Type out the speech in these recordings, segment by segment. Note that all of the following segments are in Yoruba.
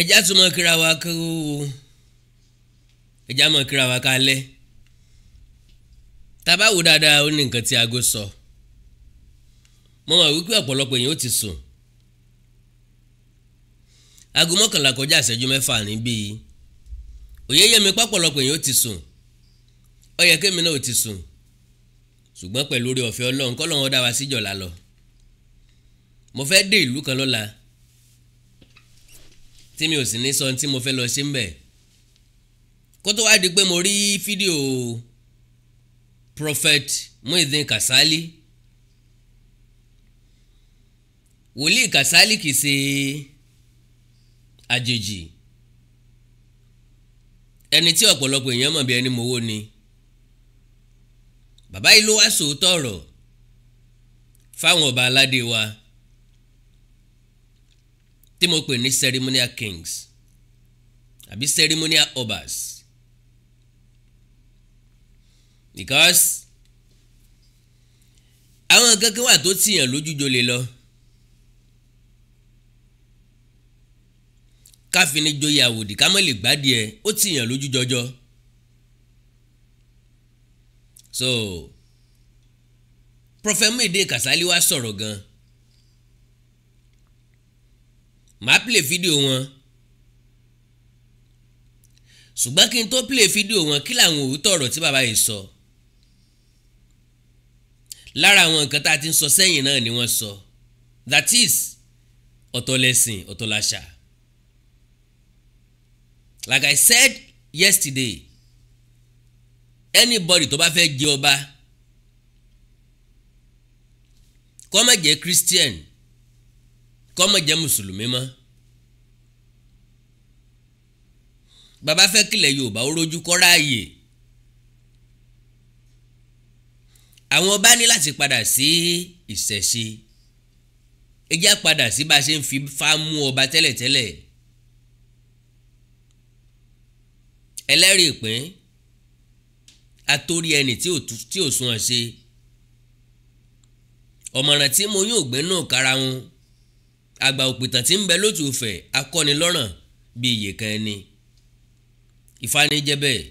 ẹja tún mọ kíra wa kó ẹja mọ kíra wa kálẹ̀ tá a bá wò dáadáa ó ní nǹkan tí aago sọ mo mọ̀ wípé ọ̀pọ̀lọpọ̀ èèyàn ó ti sùn aago mọ́kànlá kọjá ìṣẹ́jú mẹ́fà níbí òye yẹmi pápọ̀lọpọ̀ èèyàn ó ti sùn ó kémi náà ó ti sùn ṣùgbọ́n pẹ̀lú oore ọ̀fẹ́ ọlọ́run kọ́ lọ́wọ́ dá wa síjọ́ la lọ mo fẹ́ dé ìlú kan lọ́la tí mi ò sì ní sọ tí mo fẹ́ lọ ṣe ń bẹ̀ kó tó wá di pé mo rí fídíò Prophet Muideen Kasali wòlíì Kasali kì í ṣe àjèjì ẹni tí ọ̀pọ̀lọpọ̀ èèyàn mọ̀ bí ẹni mowó ni bàbá yìí ló wá sòótọ́ ọ̀rọ̀ fáwọn ọba aládé wa tí mo pè ní ceremonial kings àbí ceremonial obas because àwọn kankan wà tó tìyàn lójújo lè lọ káfíní joyè àwòdì ká mọ̀ lè gbádìí ó tìyàn lójújọjọ so Prophet Muideen Kasali wá sọ̀rọ̀ gan-an màá play video wọn ṣùgbọ́n kí n tó play video wọn kí làwọn òótọ́ ọ̀rọ̀ tí bàbá yìí sọ lára àwọn nǹkan tá a ti ń sọ sẹ́yìn náà ni wọ́n sọ that is ọ̀tọ̀ lẹ́sìn like I said yesterday anybody tó bá fẹ́ jẹ ọba kó Christian kó má jẹ́ mùsùlùmí mọ́ bàbá fẹ́ kílẹ̀ yorùbá ó rojú kọ́ ráàyè àwọn ọba ní láti padà sí ìṣẹ̀ṣe ẹ padà sí bá a ṣe ń fi fá mú ọba tẹ́lẹ̀tẹ́lẹ̀ ẹlẹ́rìí ìpín atórí ẹni tí ò sún ọ ṣe ọ̀mọ̀ràn tí mo yún ògbẹ́ náà kára wọn àgbà òpìtàn tí ń bẹ lótùúfẹ̀ akọ́nilọ́ràn bíi iyèkan ẹni. Ifá ní jẹ́ bẹ́ẹ̀.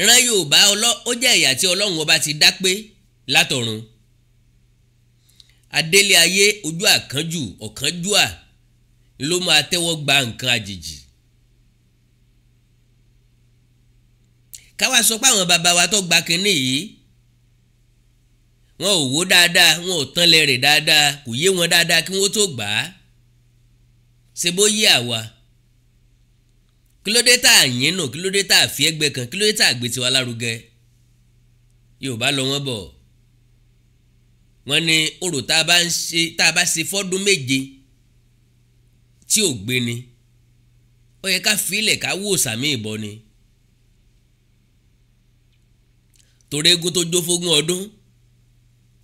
ìran Yorùbá ó jẹ́ ẹ̀yà tí Ọlọ́run ọba ti dá pé látọ̀run adélé ayé ojú àkánjù ọ̀kánjúà ló máa tẹ́wọ́ gba nǹkan àjèjì káwa sọ pé àwọn bàbá wa tó gba kínní yìí wọn ò wò dáadáa wọn ò tanlẹ̀ rẹ̀ dáadáa kò yé wọn dáadáa kí wọ́n tó gbà á Sebo bó yí àwa kí ló dé tá a yín nù kí ló dé tá a fi ẹgbẹ́ kan kí ló dé tá a gbé tiwa lárugẹ yorùbá lọ wọ́n bọ̀ wọ́n ní orò tá a bá ń ṣe méje tí ò gbé ni ó yẹ ká filẹ̀ ká wò sàmì ìbọn ni torí egun tó jó fógún ọdún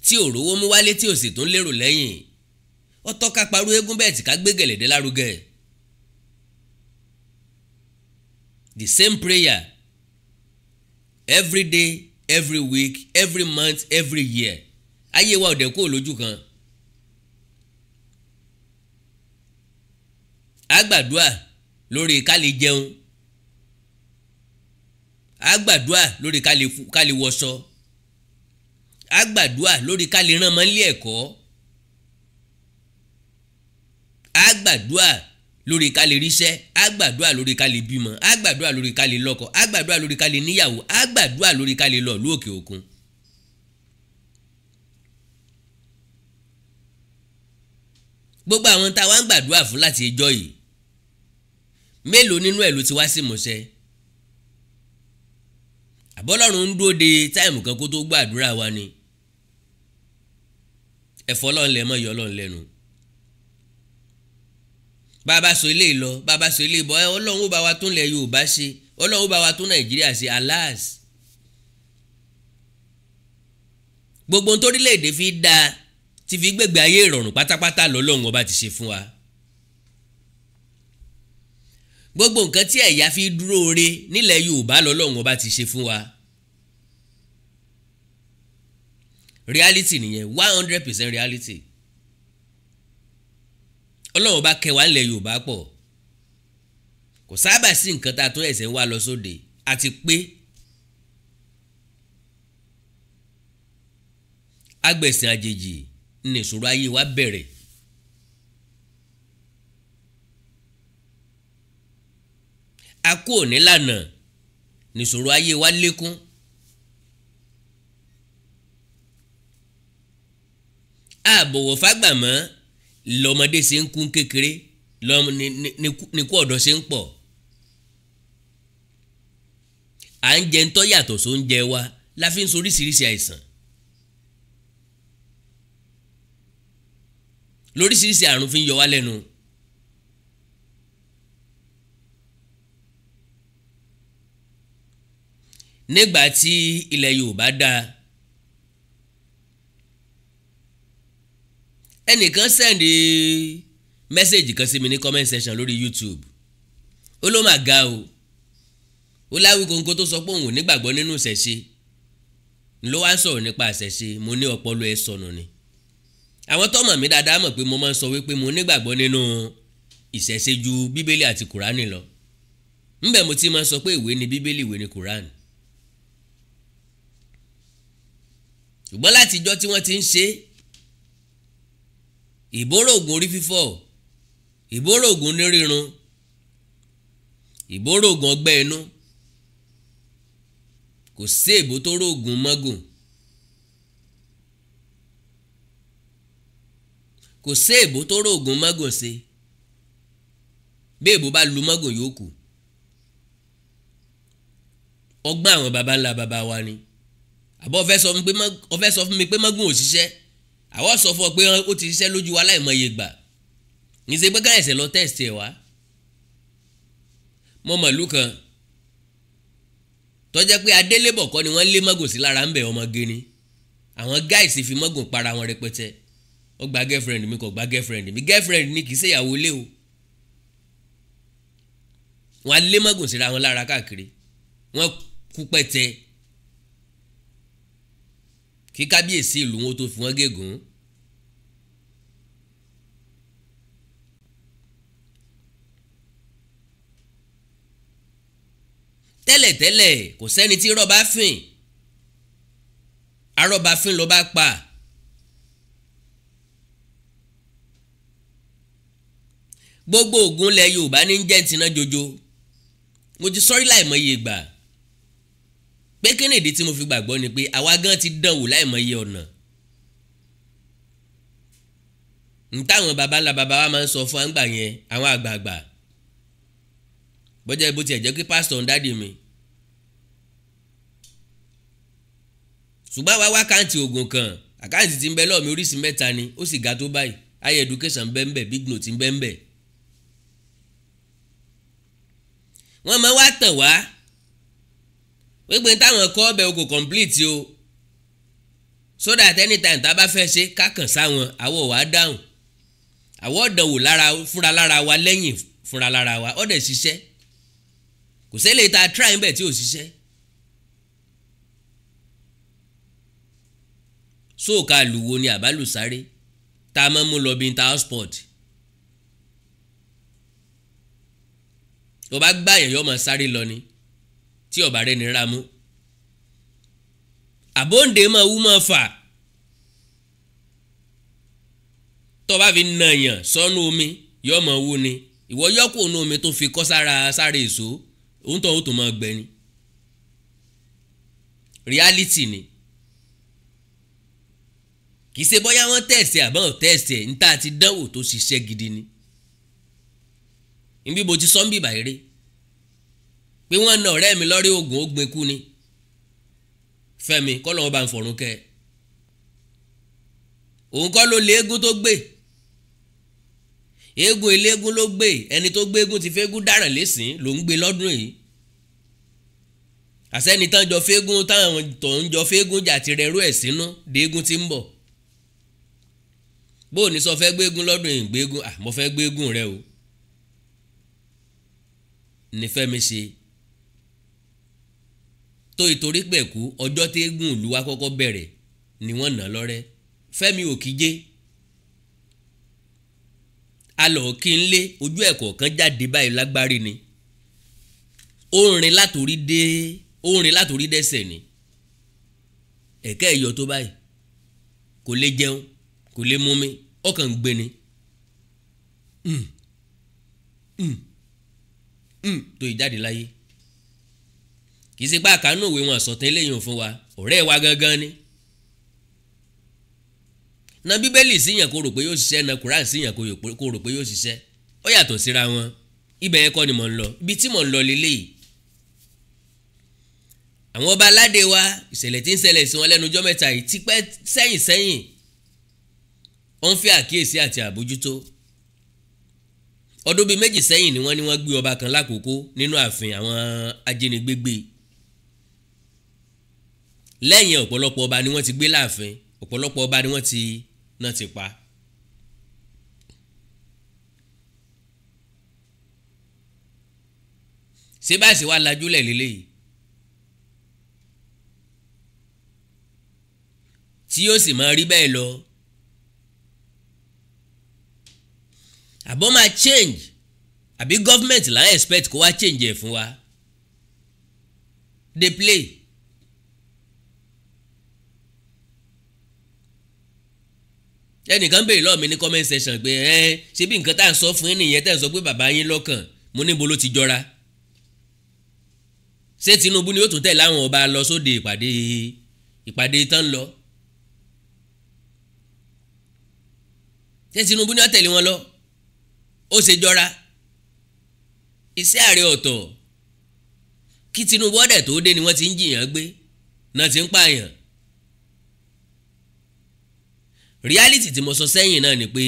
tí ò rówó mú wálé tí ò sì tún lérò lẹ́yìn ó tọ́ka parú eégún bẹ́ẹ̀ tí ká gbé gẹ̀lẹ́dẹ́ lárugẹ the same prayer every day every week every month every year ayé wa ọ̀dẹ̀ kúrò lójú kan a gbàdúrà lórí ká lè jẹun a gbàdúrà lórí ká lè wọṣọ a gbàdúrà lórí ká lè rán ọmọ ẹ̀kọ́. E á gbàdúrà lórí ká lè ríṣẹ́ á gbàdúrà lórí ká lè bímọ á gbàdúrà lórí ká lè lọ́kọ á gbàdúrà lórí ká lè níyàwó á gbàdúrà lórí ká lè lọ ìlú òkè òkun. gbogbo àwọn tá a wá ń gbàdúrà fún láti ẹjọ́ yìí mélòó nínú ẹ̀ ló ti wá sí ìmọ̀ṣẹ́ àbọ́lọ́run ń dúró de táìmù kan kó tó gbàdúrà wa ni ẹ̀fọ́ ọlọ́run lẹ́mọ̀ yọ ọlọ́run lẹ́nu bàbá sọ eléyìí lọ bàbá sọ eléyìí bọ ọlọ́run ó bá wa tún lẹ̀ yorùbá ṣe ọlọ́run ó bá wa tún nàìjíríà ṣe alas gbogbo ntórílẹ̀-èdè fi dáa ti fi gbègbè ayé ìrọ̀rùn pátápátá lọ́lọ́run ọba ti ṣe fún wa gbogbo nǹkan tí ẹ̀yà fi dúró re nílẹ̀ yorùbá lọ́lọ́run ọba ti ṣe fún wa reality nìyẹn one hundred percent reality ọlọ́run bá kẹwàá ńlẹ̀ yorùbá pọ̀ kò sábà sí nǹkan tá a tó ẹ̀sẹ̀ ń wá lọ sóde àti pé agbẹ̀sìn àjèjì ní ìṣòro ayé wa bẹ̀rẹ̀ a kú òní lànà ní ìṣòro ayé wa lékún a bọ̀wọ̀ fágbà mọ́ lọ́mọdé ṣe ń kún kékeré níkú ọ̀dọ́ ṣe ń pọ̀ à ń jẹ ńtọ́ yàtọ̀ sóúnjẹ wa la fi ń so oríṣiríṣi àìsàn lóríṣiríṣi àrùn fi ń yọ wá lẹ́nu. nígbà tí ilẹ̀ Yorùbá dáa ẹnìkan sẹ́ndì mẹ́sẹ̀gì kan sí mi ní comment section lórí YouTube ó ló mà ga o ó láwí kóńkó tó sọ pé òun ò nígbàgbọ́ nínú ìṣẹ̀ṣe ló wá ń sọ̀rọ̀ nípa ìṣẹ̀ṣe mo ní ọpọlọ ẹ sọnù ni àwọn tó mọ̀ mí dáadáa mọ̀ pé mo máa ń sọ wípé mo nígbàgbọ́ nínú ìṣẹ̀ṣe ju bíbélì àti kùránì lọ ńbẹ̀ mo ti máa sọ pé ìwé ni bíbélì ìwé ni kùránì ṣùgbọ́n látijọ́ tí wọ́n ti ń ṣe é ìbóró ògùn orí fífọ́ ìbóró ògùn nírírun ìbóró ògùn ọgbẹ́ inú kò sí èbó tó róògùn mọ́gùn kò sí èbó tó róògùn mọ́gùn sí bí èbó bá lu mọ́gùn yóò kù ọgbọ́n àwọn baba ńlá baba wa ni àbọ̀ ọ sọ fún mi pé mọ́gùn ò ṣiṣẹ́ àwọn sọ fún ọ pé ó ti ṣiṣẹ́ lójú wa láìmọye gbà ìṣe pé káyọ̀ ẹ̀sẹ̀ lọ tẹ̀sítì ẹ̀ wá mọ màlúù kan tọ́jẹ́ pé adélébọ̀ kọ́ ni wọ́n lé mọ́gùn sí lára ń bẹ̀ ọmọge ni àwọn guys fi mọ́gùn para wọn rẹpẹtẹ ó gba girlfriend mi kò gba girlfriend mi girlfriend ni kì í ṣèyàwó lé o wọ́n lé mọ́gùn síra wọn lára káàkiri wọ́n kú pẹ̀tẹ́ kí kábíyèsí ìlú wọn tó fi wọ́n gégùn. tẹ́lẹ̀tẹ́lẹ̀ kò sẹ́ni tí rọ́bà fìn arọ́bà fìn ló bá pa. gbogbo ògùn ilẹ̀ yorùbá ní jẹ́ ìtìná jojo mo ti sọ́rí láìmọye ìgbà pé kíni ìdí tí mo fi gbàgbọ́ ni pé àwa gan ti dán wò láìmọye ọ̀nà n táwọn baba ńlá baba wa máa ń sọ fún àǹgbà yẹn àwọn àgbààgbà bọ́jà ibo tiẹ̀ jẹ́ kí pásítọ̀ ń dáàdì mi ṣùgbọ́n àwa wá káǹtì oògùn kan àkáǹtì tí ń bẹ lọ́ọ̀mí oríṣìí mẹ́ta ni ó sì ga tó báyìí high education bẹ́ẹ̀nbẹ́ẹ̀ big note bẹ́ẹ̀nbẹ́ẹ̀ wọ́n máa wá tàn wá wípé táwọn kọ́ ọbẹ̀ o kò complete o so that anytime tá a bá fẹ́ ṣe kákan sáwọn àwọ̀ wá dáhùn àwọ̀ ọ̀dànwò lára fúnra lára wa lẹ́yìn fúnra lára wa ọ̀dẹ̀ ṣiṣẹ́ kò sẹ́lẹ̀ tá a try bẹ́ẹ̀ tí ò ṣiṣẹ́ sóòka lùwo ni àbálùsáré tá a máa mú lọ bí inter house sport tó bá gbàyàn yọ ọmọ sáré lọ ni tí ọ̀bà rẹ̀ ní ra mú àbóǹde máa wú máa fà tọ́ba fi nàyàn sọ́nù omi yọ máa wú ni ìwọ yọkù ònú omi tó fi kọ́ sára sára èso òun tó òun tó máa gbẹ ni reality ni kì í ṣe bóyá wọ́n tẹ̀sí àbọ̀n tẹ̀sí níta àti dánwò tó ṣiṣẹ́ gidi ni ibi bo ti sọ́ńbì bàyẹ̀rẹ̀ pé wọ́n na ọ̀rẹ́ mi lọ́rí oògùn ó gbin kú ni fẹ́mi kọ́ lọ́wọ́ bá ń fọ̀rún kẹ́ òun kọ́ ló lé eégún tó gbé eégún eléégún ló gbé ẹni tó gbé eégún ti fẹ́gún dáràn lẹ́sìn ló ń gbé lọ́dún yìí àsẹ́ni tán jọ fẹ́gún táwọn tó ń jọ fẹ́gún jà ti rẹrú ẹ̀ sínú déégún ti ń bọ̀ bó o ní sọ fẹ́ gbéégún lọ́dún yìí gbéégún à mo fẹ́ gbéégún rẹ o ní fẹ́mi ṣe tó ìtorí pẹ̀kú ọjọ́ tẹ́gùn ìlú wa kọ́kọ́ bẹ̀rẹ̀ ni wọ́n nà lọ́rẹ́ fẹ́mi òkíjé alọ̀ kí n lé ojú ẹ̀kọ́ kan jáde báyìí lágbárí ni ó ń rin látòrí dé ó ń rin látòrí dẹ́sẹ̀ ni ẹ̀kẹ́ ẹ̀yọ tó báyìí kò lè jẹun kò lè mumi ọkàn ń gbé ni mm, mm, mm, tó ìjáde láyé kì í ṣe pé àkánú òwe wọn àsọtán eléyìí fún wa ọ̀rẹ́ wa gangan ni na bíbélì síyàn kó rò pé yóò ṣiṣẹ́ na quran síyàn kó rò pé yóò ṣiṣẹ́ ó yàtọ̀ síra wọn ibẹ̀ yẹn kọ́ ni mò ń lọ ibi tí mò ń lọ leléyìí àwọn ọba aládé wa ìṣẹ̀lẹ̀ tí ń ṣẹlẹ̀ sí wọn lẹ́nu ọjọ́ mẹ́ta yìí ti pẹ́ sẹ́yìn sẹ́yìn ó ń fẹ́ àkíyèsí àti àbójútó ọdún bíi méjì sẹ́yìn ni wọ́n ní wọ́n gbé ọba kan lákòókò nínú ààfin àwọn ajínigbé lẹ́yìn ọ̀pọ̀lọpọ̀ ọba ni wọ́n ti gbé láàfin ọ̀pọ̀lọpọ̀ ọba ni wọ́n ti náà ti pa. ṣé báyìí ṣe wá lajúlẹ̀ lélẹ́yìí tí yóò sì máa rí bẹ́ẹ̀ lọ àbọ̀ máa change àbí gọ́fìmẹ̀ntì là expect kó wá change ẹ̀ fún wa dey play. ẹnìkan béèrè lọ́ọ̀ ní comment section pé ẹ ṣé bí nǹkan tá à ń sọ fún yín nìyẹn tẹ́ ń sọ pé bàbá yín lọ́kàn mo níbo ló ti jọra ṣé Tinubu ni ó tún tẹ̀ láwọn ọba lọ sóde ìpàdé ìpàdé tán lọ ṣé Tinubu ni ó tẹ̀lé wọn lọ ó ṣe jọra iṣẹ́ ààrẹ ọ̀tọ̀ kí Tinubu ọ̀dẹ̀ tó dé ni wọ́n ti ń jiyàn gbé náà ti ń pààyàn reality tí mo sọ sẹ́yìn náà ni pé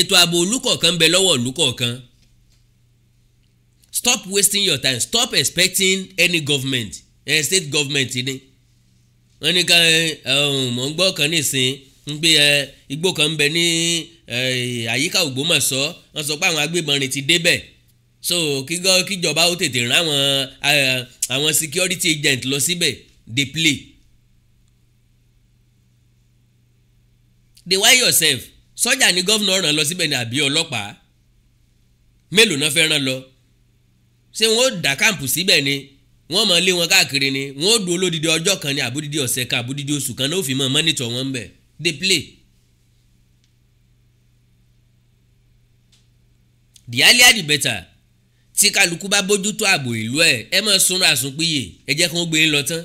ètò ààbò olúkọ̀ọ̀kan ń bẹ lọ́wọ́ olúkọ̀ọ̀kan stop wasting your time stop expecting any government any state government ni wọ́n ní ká mọ̀ um, ń gbọ́ kan nísìn ń gbé igbó kan ń bẹ ní àyíká Ògbómọ̀ṣọ́ wọ́n sọ pé àwọn agbébọn rìn ti débẹ̀ so kíjọba ó tètè rán àwọn security agent lọ síbẹ̀ dey play they why yourself sọ́jà ni gọ́vnà ràn lọ síbẹ̀ ni àbí ọlọ́pàá mélòó náà fẹ́ ràn lọ ṣé wọ́n ó dá káàmpù síbẹ̀ ni wọ́n máa lé wọn káàkiri ni wọ́n ó dúró lódìdí ọjọ́ kan ni àbódìdí ọ̀sẹ̀ kan àbódìdí oṣù kan náà ó fi mọ́ mọ́nítọ̀ wọn bẹ̀ they play. the earlier the better tí kálukú bá bójútó ààbò ìlú ẹ̀ ẹ máa sunra àsùnpìyè ẹ jẹ́ kí wọ́n gbé e lọ tán.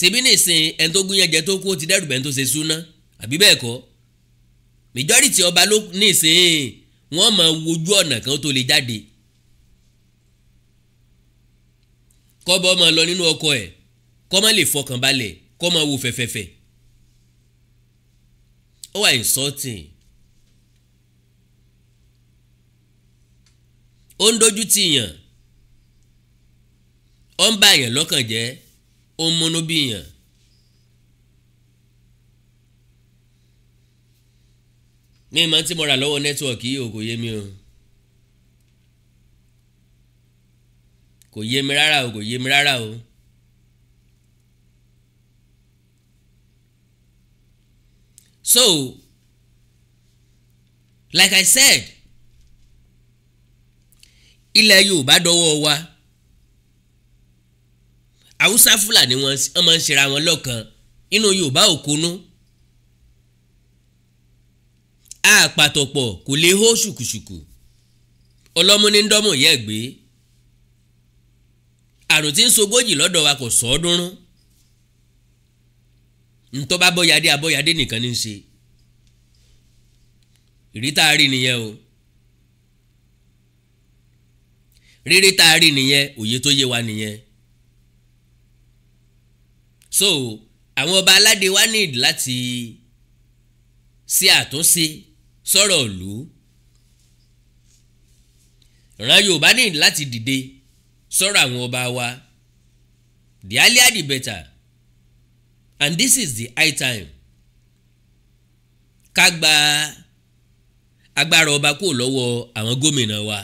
ṣebí nìsín ẹni tó gúnyán jẹ tó kú ó ti dẹ́rù bẹ́ẹ̀ tó ṣe súná àbí bẹ́ẹ̀ kọ́ majority ọba ló nìsín wọ́n máa wojú ọ̀nà kan tó lè jáde kọ́bọ̀ máa lọ nínú ọkọ ẹ̀ kó lè fọkàn balẹ̀ kó máa wo ó wà insulting ó ń dojú tìyàn ó ń bà lọ́kàn jẹ́ ń múnú bíyàn mi máa ń tí mo rà lọ́wọ́ nẹ́tíwọ̀kì yìí ò kò yé mi o kò yé mi rárá o kò yé mi rárá o. so like I said ilẹ̀ Yorùbá dọwọ́ wa. haúsá fúlàní wọn máa ń ṣera wọn lọ́kan inú yorùbá òkúnú àpàtọ̀pọ̀ kò lè hó ṣùkùṣùkù ọlọ́múníndọ́mù yẹ̀ gbé àrùn tí ń sogójì lọ́dọ̀ wa kò sọ́ọ́dúnrún ntọ́ba bọ́yadé abọ́yadé nìkan ní í ṣe ìrí tá rí nìyẹn o rírí tá rí nìyẹn òye tó yé wa nìyẹn. so àwọn ọba aládé wa need láti ṣe àtúnṣe sọ̀rọ̀ ìlú ìran Yorùbá need láti dìde sọ̀rọ̀ àwọn ọba wa the earlier the better and this is the high time ká gba agbára ọba kúrò lọ́wọ́ àwọn gómìnà wa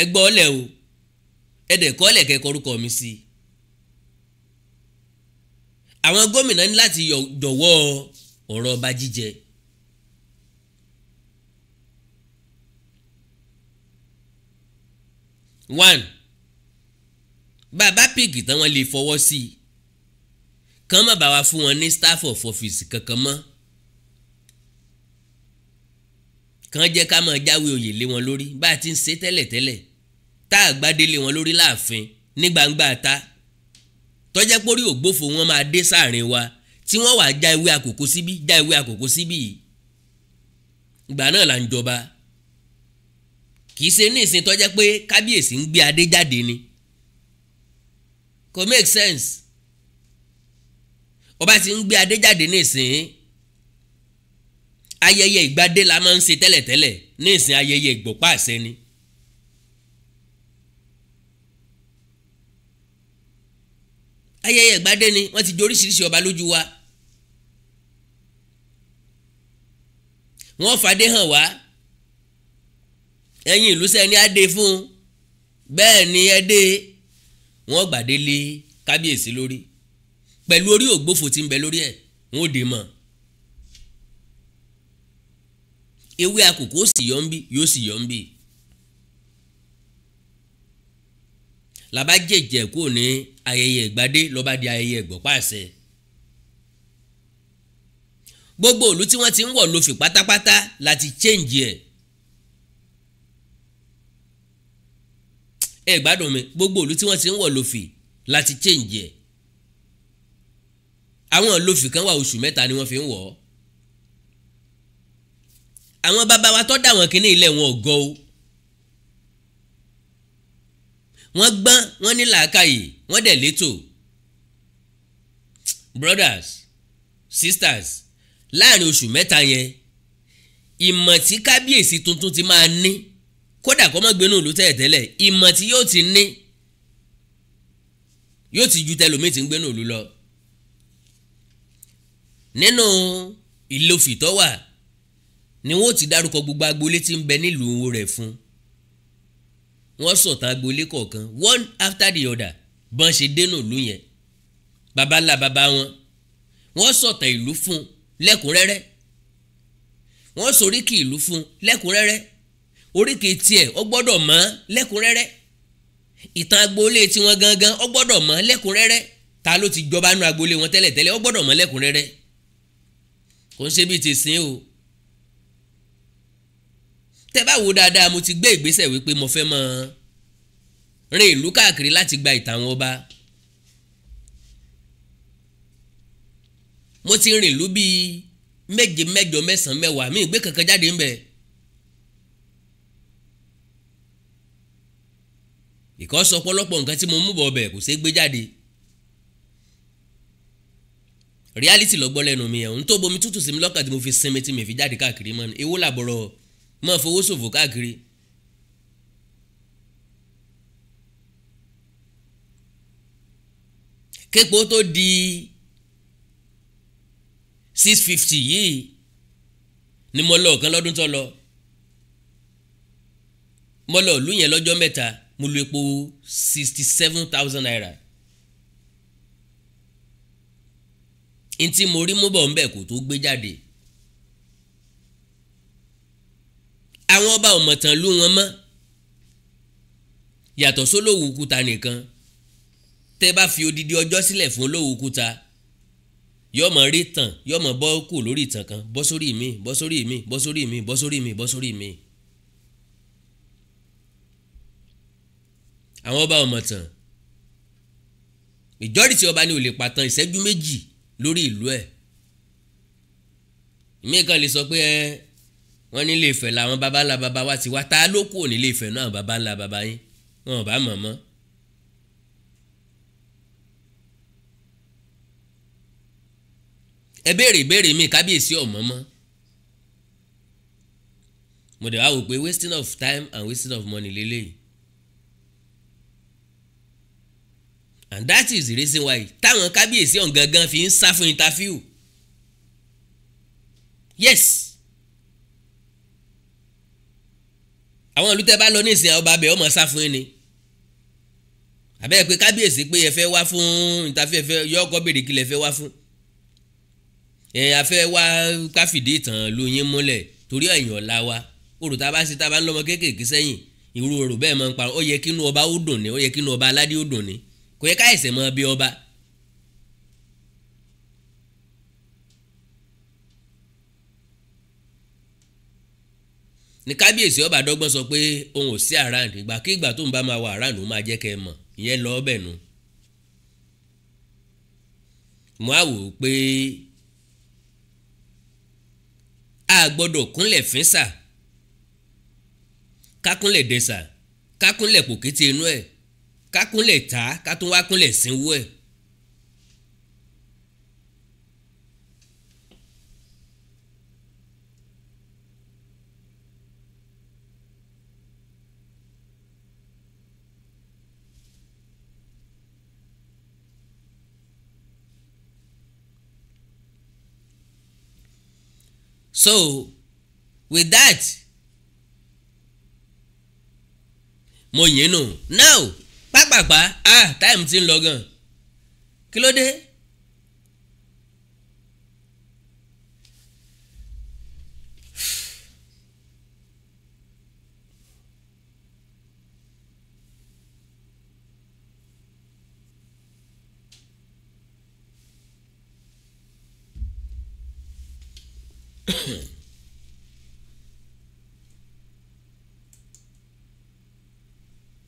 ẹ gbọ́ ọ lẹ́ ẹ̀dẹ̀ kọ́lẹ̀ kẹ́ kọrúkọ mi sí i àwọn gómìnà ní láti dọ̀wọ́ ọ̀rọ̀ ọba jíjẹ one bàbá pig tán wọ́n lè fọwọ́ sí i kàn má bàa wá fún wọn ní staff of office kankan mọ́ kàn jẹ́ ká máa jáwé oyè lé wọn lórí bá a ti ń ṣe tẹ́lẹ̀tẹ́lẹ̀. Tẹ́lẹ̀ tá àgbádélé wọn lórí láàfin ní gbangba ta tọ́jẹ́ pórí ògbófo wọn máa dé sáàrin wa tí wọ́n wàá já ewé àkókò síbí já ewé àkókò síbí ìgbà náà là ń jọba kì í ṣe ní ìsìn tọ́jẹ́ pé kábíyèsí ń gbé adé jáde ni kò make sense ọba ti ń gbé adé jáde ní ìsìn ayẹyẹ ìgbadé la máa ń ṣe tẹ́lẹ̀tẹ́lẹ̀ ní ìsìn ayẹyẹ ìgbọ̀pá àṣẹ ni ayẹyẹ ìgbádé ni wọ́n ti di oríṣiríṣi ọba lójú wa wọ́n fàdé hàn wá ẹ̀yin ìlú sẹ́ni adé fún un bẹ́ẹ̀ ni ẹ dé wọ́n gbàdé lé kábíyèsí lórí pẹ̀lú orí ògbófò tí ń bẹ lórí ẹ̀ wọ́n ò dé mọ́ ewé àkùkọ ó sì yọ ń bí yóò sì yọ ń bí làbá jẹjẹ kúrò ní ayẹyẹ ìgbádé ló bá di ayẹyẹ ìgbọ́pàṣẹ gbogbo ìlú tí wọ́n ti ń wọ̀ lófì pátápátá láti change ẹ̀ ẹ gbádùn mi gbogbo ìlú tí wọ́n ti ń wọ̀ lófì láti change ẹ̀ àwọn lófì kan wà oṣù mẹ́ta ni wọ́n fi ń wọ̀ ọ́ àwọn bàbá tó dá wọn kínní ilẹ̀ wọn ò gọ́ o wọ́n gbọ́n wọ́n ní làákàyè wọ́n dẹ̀ létò brothers sisters láàrin oṣù mẹ́ta yẹn ìmọ̀ tí kábíyèsí tuntun ti máa ní kódà kọ́ mọ́ gbénú ìlú tẹ́lẹ̀tẹ́lẹ̀ ìmọ̀ tí yóò ti ní yóò ti ju tẹlomi tí ń gbénú ìlú lọ nínú ìlòfìtọ́wà ni wọ́n ti dárúkọ gbogbo agboolé tí ń bẹ nílùú rẹ̀ fún un wọ́n sọ̀tàn agboolé kọ̀ọ̀kan one after the other bọ́n ṣe dénú ìlú yẹn babalá baba wọn wọ́n sọ̀tàn ìlú fún lẹ́kùnrẹ́rẹ́ wọ́n soríkì ìlú fún lẹ́kùnrẹ́rẹ́ oríkì tiẹ̀ ó gbọ́dọ̀ mọ̀ lẹ́kùnrẹ́rẹ́ ìtàn agboolé tiwọn gangan ó gbọ́dọ̀ mọ̀ lẹ́kùnrẹ́rẹ́ ta ló ti jọba nú agboolé wọn tẹ́lẹ̀tẹ́lẹ̀ ó gbọ́dọ̀ mọ̀ lẹ́kùnrẹ́rẹ́ kò ń ṣe bíi ti sìn o tẹ́ bá wo dáadáa mo ti gbé ìgbésẹ̀ wípé mo fẹ́ máa rìn ìlú káàkiri láti gba ìtàwọn ọba mo ti rìn ìlú bíi méje mẹ́jọ mẹ́sàn-án mi ìgbé kankan jáde ń bẹ ìkọ́sọ ọ̀pọ̀lọpọ̀ nǹkan tí mo mú bọ̀ ọbẹ̀ kò ṣeé gbé jáde reality lọ́gbọ́n lẹ́nu mi ẹ̀ ń tó bomi tútù sí mi lọ́kàn tí mo fi sinmi tí mi fi jáde káàkiri mọ́ ni èwo làbọ̀rọ̀ máa fowó ṣòfò káàkiri. képo tó di six fifty yìí ni mo lọ ọ̀kan lọ́dún tó lọ mo lọ ìlú yẹn lọ́jọ́ mẹ́ta mo lu epo sixty seven thousand naira ntí mo rí mú bọ̀ ń bẹ̀ kó tó gbé jáde. àwọn ọba ọ̀mọ̀tàn lú wọn mọ́ yàtọ̀ sólówó òkúta nìkan tẹ́ bá fi odidi ọjọ́ sílẹ̀ fún olówó òkúta yọ mọ rí tàn yọ mọ bọ́ kù lórí ìtàn kan bọ́ sórí mi bọ́ sórí mi bọ́ sórí mi bọ́ sórí mi bọ́ sórí mi. àwọn ọba ọ̀mọ̀tàn ìjọ́rìsí ọba ni ò lè pàtàn ìṣẹ́jú méjì lórí ìlú ẹ̀ ìmí lè sọ pé ẹ wọ́n nílé Ifẹ̀ làwọn baba ńlá baba wa ti wá ta ló kù nílé Ifẹ̀ náà baba ńlá baba yín wọn ò bá mọ̀ mọ́. ẹ béèrè ìbéèrè mi kábíyèsí ọ̀mọ́ mọ́ mo dẹ̀ wá wò pé wasting of time and wasting of money lélẹ́yìí and that is the reason why táwọn kábíyèsí ọ̀hún gangan fi ń sá fún interview yes àwọn ìlú tẹ́ bá lọ ní ìsìn ọba abẹ ọmọ sá fún yín ni àbẹ́rẹ́ pé kábíyèsí pé ẹ fẹ́ wá fún ìtafẹ́ ẹ bèrè kí lẹ fẹ́ wá fún ẹ afẹ́ wá káfìdí ìtàn ló yín múlẹ̀ torí ẹ̀yìn ọ̀la wa orò tá a bá ṣe tá a bá ń lọ́mọ kéékèèké sẹ́yìn irú orò bẹ́ẹ̀ máa ń parọ́ ó yẹ kínú ọba ó dùn ní ó yẹ kínú ọba aládé ó dùn ní kò yẹ káyẹ̀sẹ̀ máa bí ọba ní kábíyèsí ọba dọ́gbọ́n sọ pé òun ò sí àràǹdì ìgbàkigbà tó ń bá máa wà àràǹdì ó máa jẹ́ kẹ́ ẹ mọ̀ ìyẹn lọ ọbẹ̀ nu. mo á wò ó pé a gbọ́dọ̀ kúnlẹ̀ fínsà kákúnlẹ̀ dẹ̀sà kákúnlẹ̀ pòkété inú ẹ̀ kákúnlẹ̀ tá ká wá kúnlẹ̀ sínwó ẹ̀. so with that mo yín nù now pápápá ah time ti ń lọ gan kí ló dé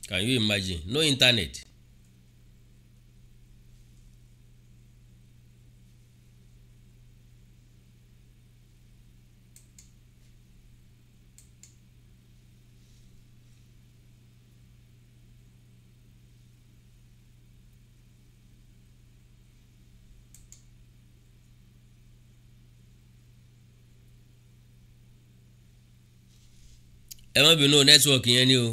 Can you imagine? No internet. ẹ má bínú nẹ́tíwọ̀kì yẹn ni o.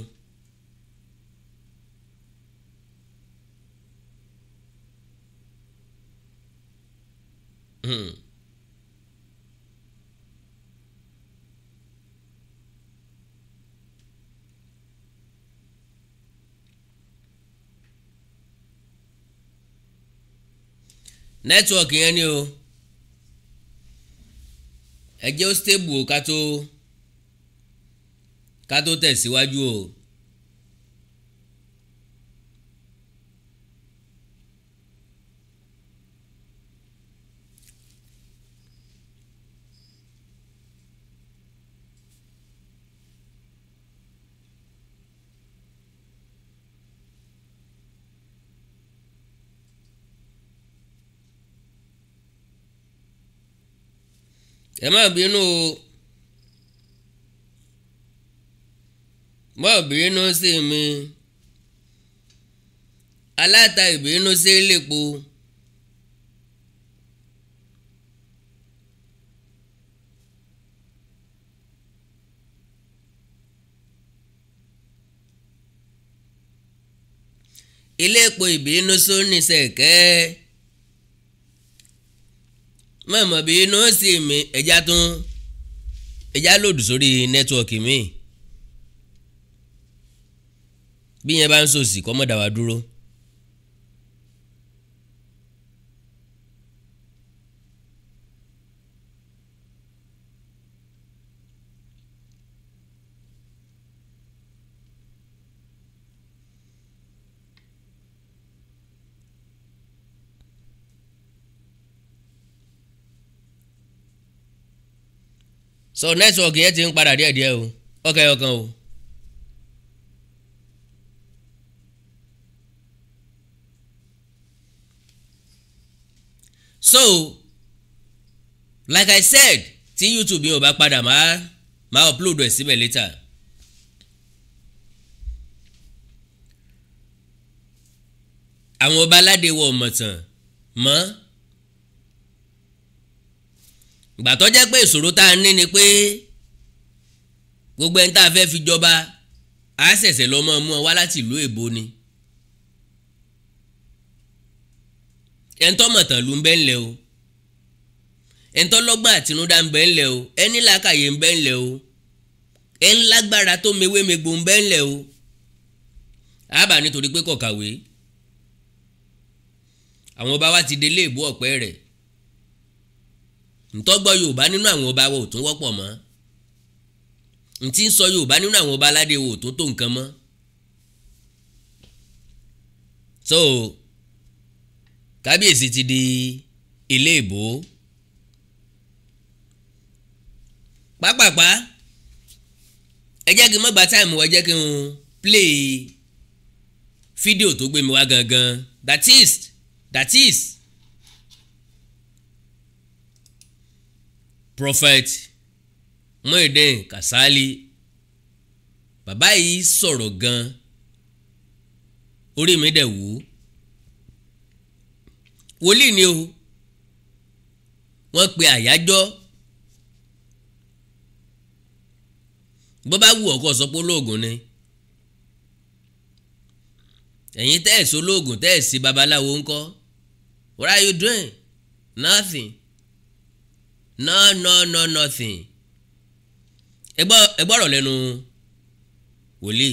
Hmm. nẹ́tíwọ̀kì yẹn ni o ẹ jẹ́ ó stable ká ká tó tẹ̀síwájú o. ẹ má bínú o. mọ́ ìbínú sí mi aláta ìbínú sí lépo iléepo ìbínú sóní sẹ̀kẹ́ mọ̀mọ́ bínú sí mi ẹja tún ẹja lòdù sórí nẹ́tíwọ̀kì mi bí yẹn bá ń sòsì kọ́ mọ́ dá dúró. so network yẹn ti ń padà díẹ̀díẹ̀ o ọkẹ́ ọkàn o. Okay, okay, so like i said tí youtube yẹn ò bá padà máa máa upload ẹ̀ síbẹ̀ later. àwọn ọba aládé wọ ọmọọtàn mọ ìgbà tó jẹ́ pé ìṣòro tá a ní ni pé gbogbo ẹni tá a fẹ́ fi jọba a ṣẹ̀ṣẹ̀ lọ́mọ mú ọ wá láti ìlú èbó ni. ẹ̀ńtọ́ mọ̀tàn ló ń bẹ́ ńlẹ̀ o ẹ̀ńtọ́ lọ́gbà àtinúdá ń bẹ́ ńlẹ̀ o ẹni làákàyè ń bẹ́ ńlẹ̀ o ẹ̀ ń lágbára tó mewé megbò ń bẹ́ ńlẹ̀ o àbá nítorí pé kò kàwé àwọn ọba wa ti délé ìbú ọ̀pẹ rẹ̀ ntọ́gbọ́ Yorùbá nínú àwọn ọba wa ò tún wọ́pọ̀ mọ́ ntí ń sọ Yorùbá nínú àwọn ọba aládé wa ò tún tó nǹkan mọ́ so kábíyèsí ti di ilé ìbò pápápá ẹ jẹ́ kí n má gba táìmù ẹ jẹ́ kí n play fídíò tó gbé mi wá gangan that is that is prophet Muyideen Kasali bàbá yìí sọ̀rọ̀ gan orí mi dẹ̀ wù ú wòlíì ni o wọ́n pe àyájọ́ bó bá wù ọkọ sọ pé olóògùn ni ẹ̀yin tẹ́ẹ̀sì olóògùn tẹ́ẹ̀sì babaláwo ńkọ́ what are you doing nothing no no no nothing ẹgbọ́rọ̀ lẹ́nu wòlíì.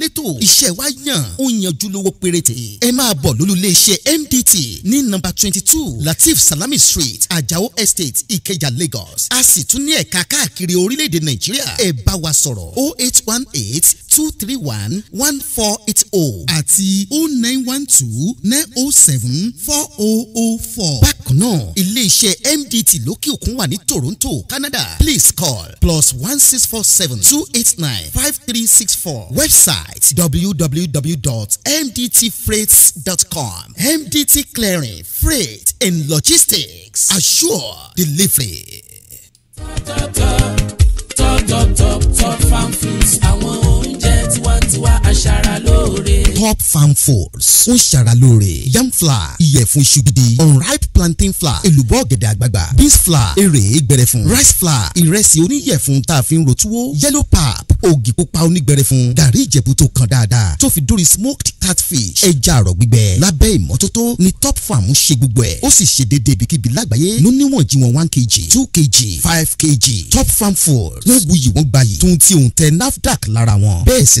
Leto iṣẹ́ wa yàn ó yanjú lówó péréte ẹ máa bọ̀ lólùléeṣẹ́ MDT ní nọ́mbà twenty two Latif Salami Street Ajao Estate Ikeja Lagos a sì tún ní ẹ̀ka káàkiri orílẹ̀-èdè Nàìjíríà ẹ bá wa sọ̀rọ̀ o oh eight one eight two three one one four eight oh àti oh nine one two nine oh seven four oh oh four. bákan náà iléeṣẹ́ MDT lókè òkun wà ní Toronto Canada please call plus one six four seven two eight nine five three six four website www.mdtfreights.com MDT Clearing Freight and Logistics assure delivery. top top top top top top farm foods àwọn ohun tiwantiwa aṣara top farm foods ń ṣara yam flour ìyẹ̀fun iṣu gidi unripe plantain flour èlùbọ́ ọ̀gẹ̀dẹ̀ àgbagbà beans flour èrè gbẹrẹfun rice flour ìrẹsì oníyẹ̀fun tá a fi ń yellow pap ògì pupa onígbẹrẹfun gàrí ìjẹ̀bú tó kan dáadáa tó fi dórí smoked catfish ẹja àrọ̀ gbígbẹ lábẹ́ ìmọ́tótó ni top farm ń ṣe gbogbo ẹ̀ ó sì ṣe déédéé ibikíbi lágbàáyé ló níwọ̀n jí one kg two kg five kg top farm foods wọ́n wuyì wọ́n gbayì tuntun tí òun tẹ nafdac lára wọn bẹ́ẹ̀ sì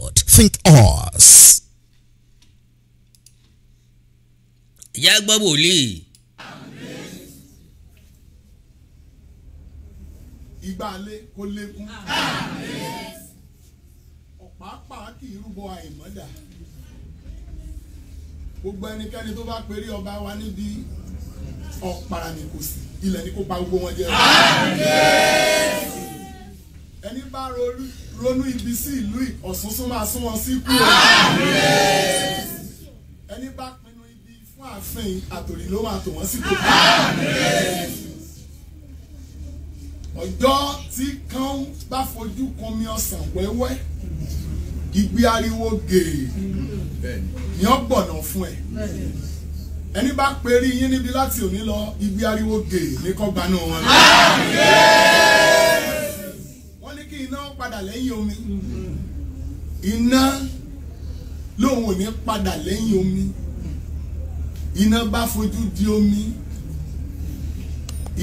God. Think us. ìyá gbọ́ wòlíì. ìgbàlè kò lékún. ọ̀pá-pàá kì í rúbọ àìmọ́dà. gbogbo ẹnikẹ́ni tó bá péré ọba wa níbi ọ̀pára ni kò sí ilẹ̀ ni kò pa gbogbo wọn jẹ́ ẹni bá ronú ibi sí ìlú Ọ̀ṣun sún máa sún wọn sí ikú rẹ̀ ẹni bá pinnu ibi fún ààfin àtòrí ló máa tò wọ́n sí ikú rẹ̀ ọjọ́ tí kán bá fojú kan mi ọ̀sán wẹ́wẹ́ igbe ariwo gèè ni ó gbọ̀nà fún ẹ ẹni bá perí yín níbi láti òní lọ igbe ariwo gèè ní kọ́gbanú wọn iná padà lẹ́yìn omi iná lòun ò ní padà lẹ́yìn omi iná bá fojú di omi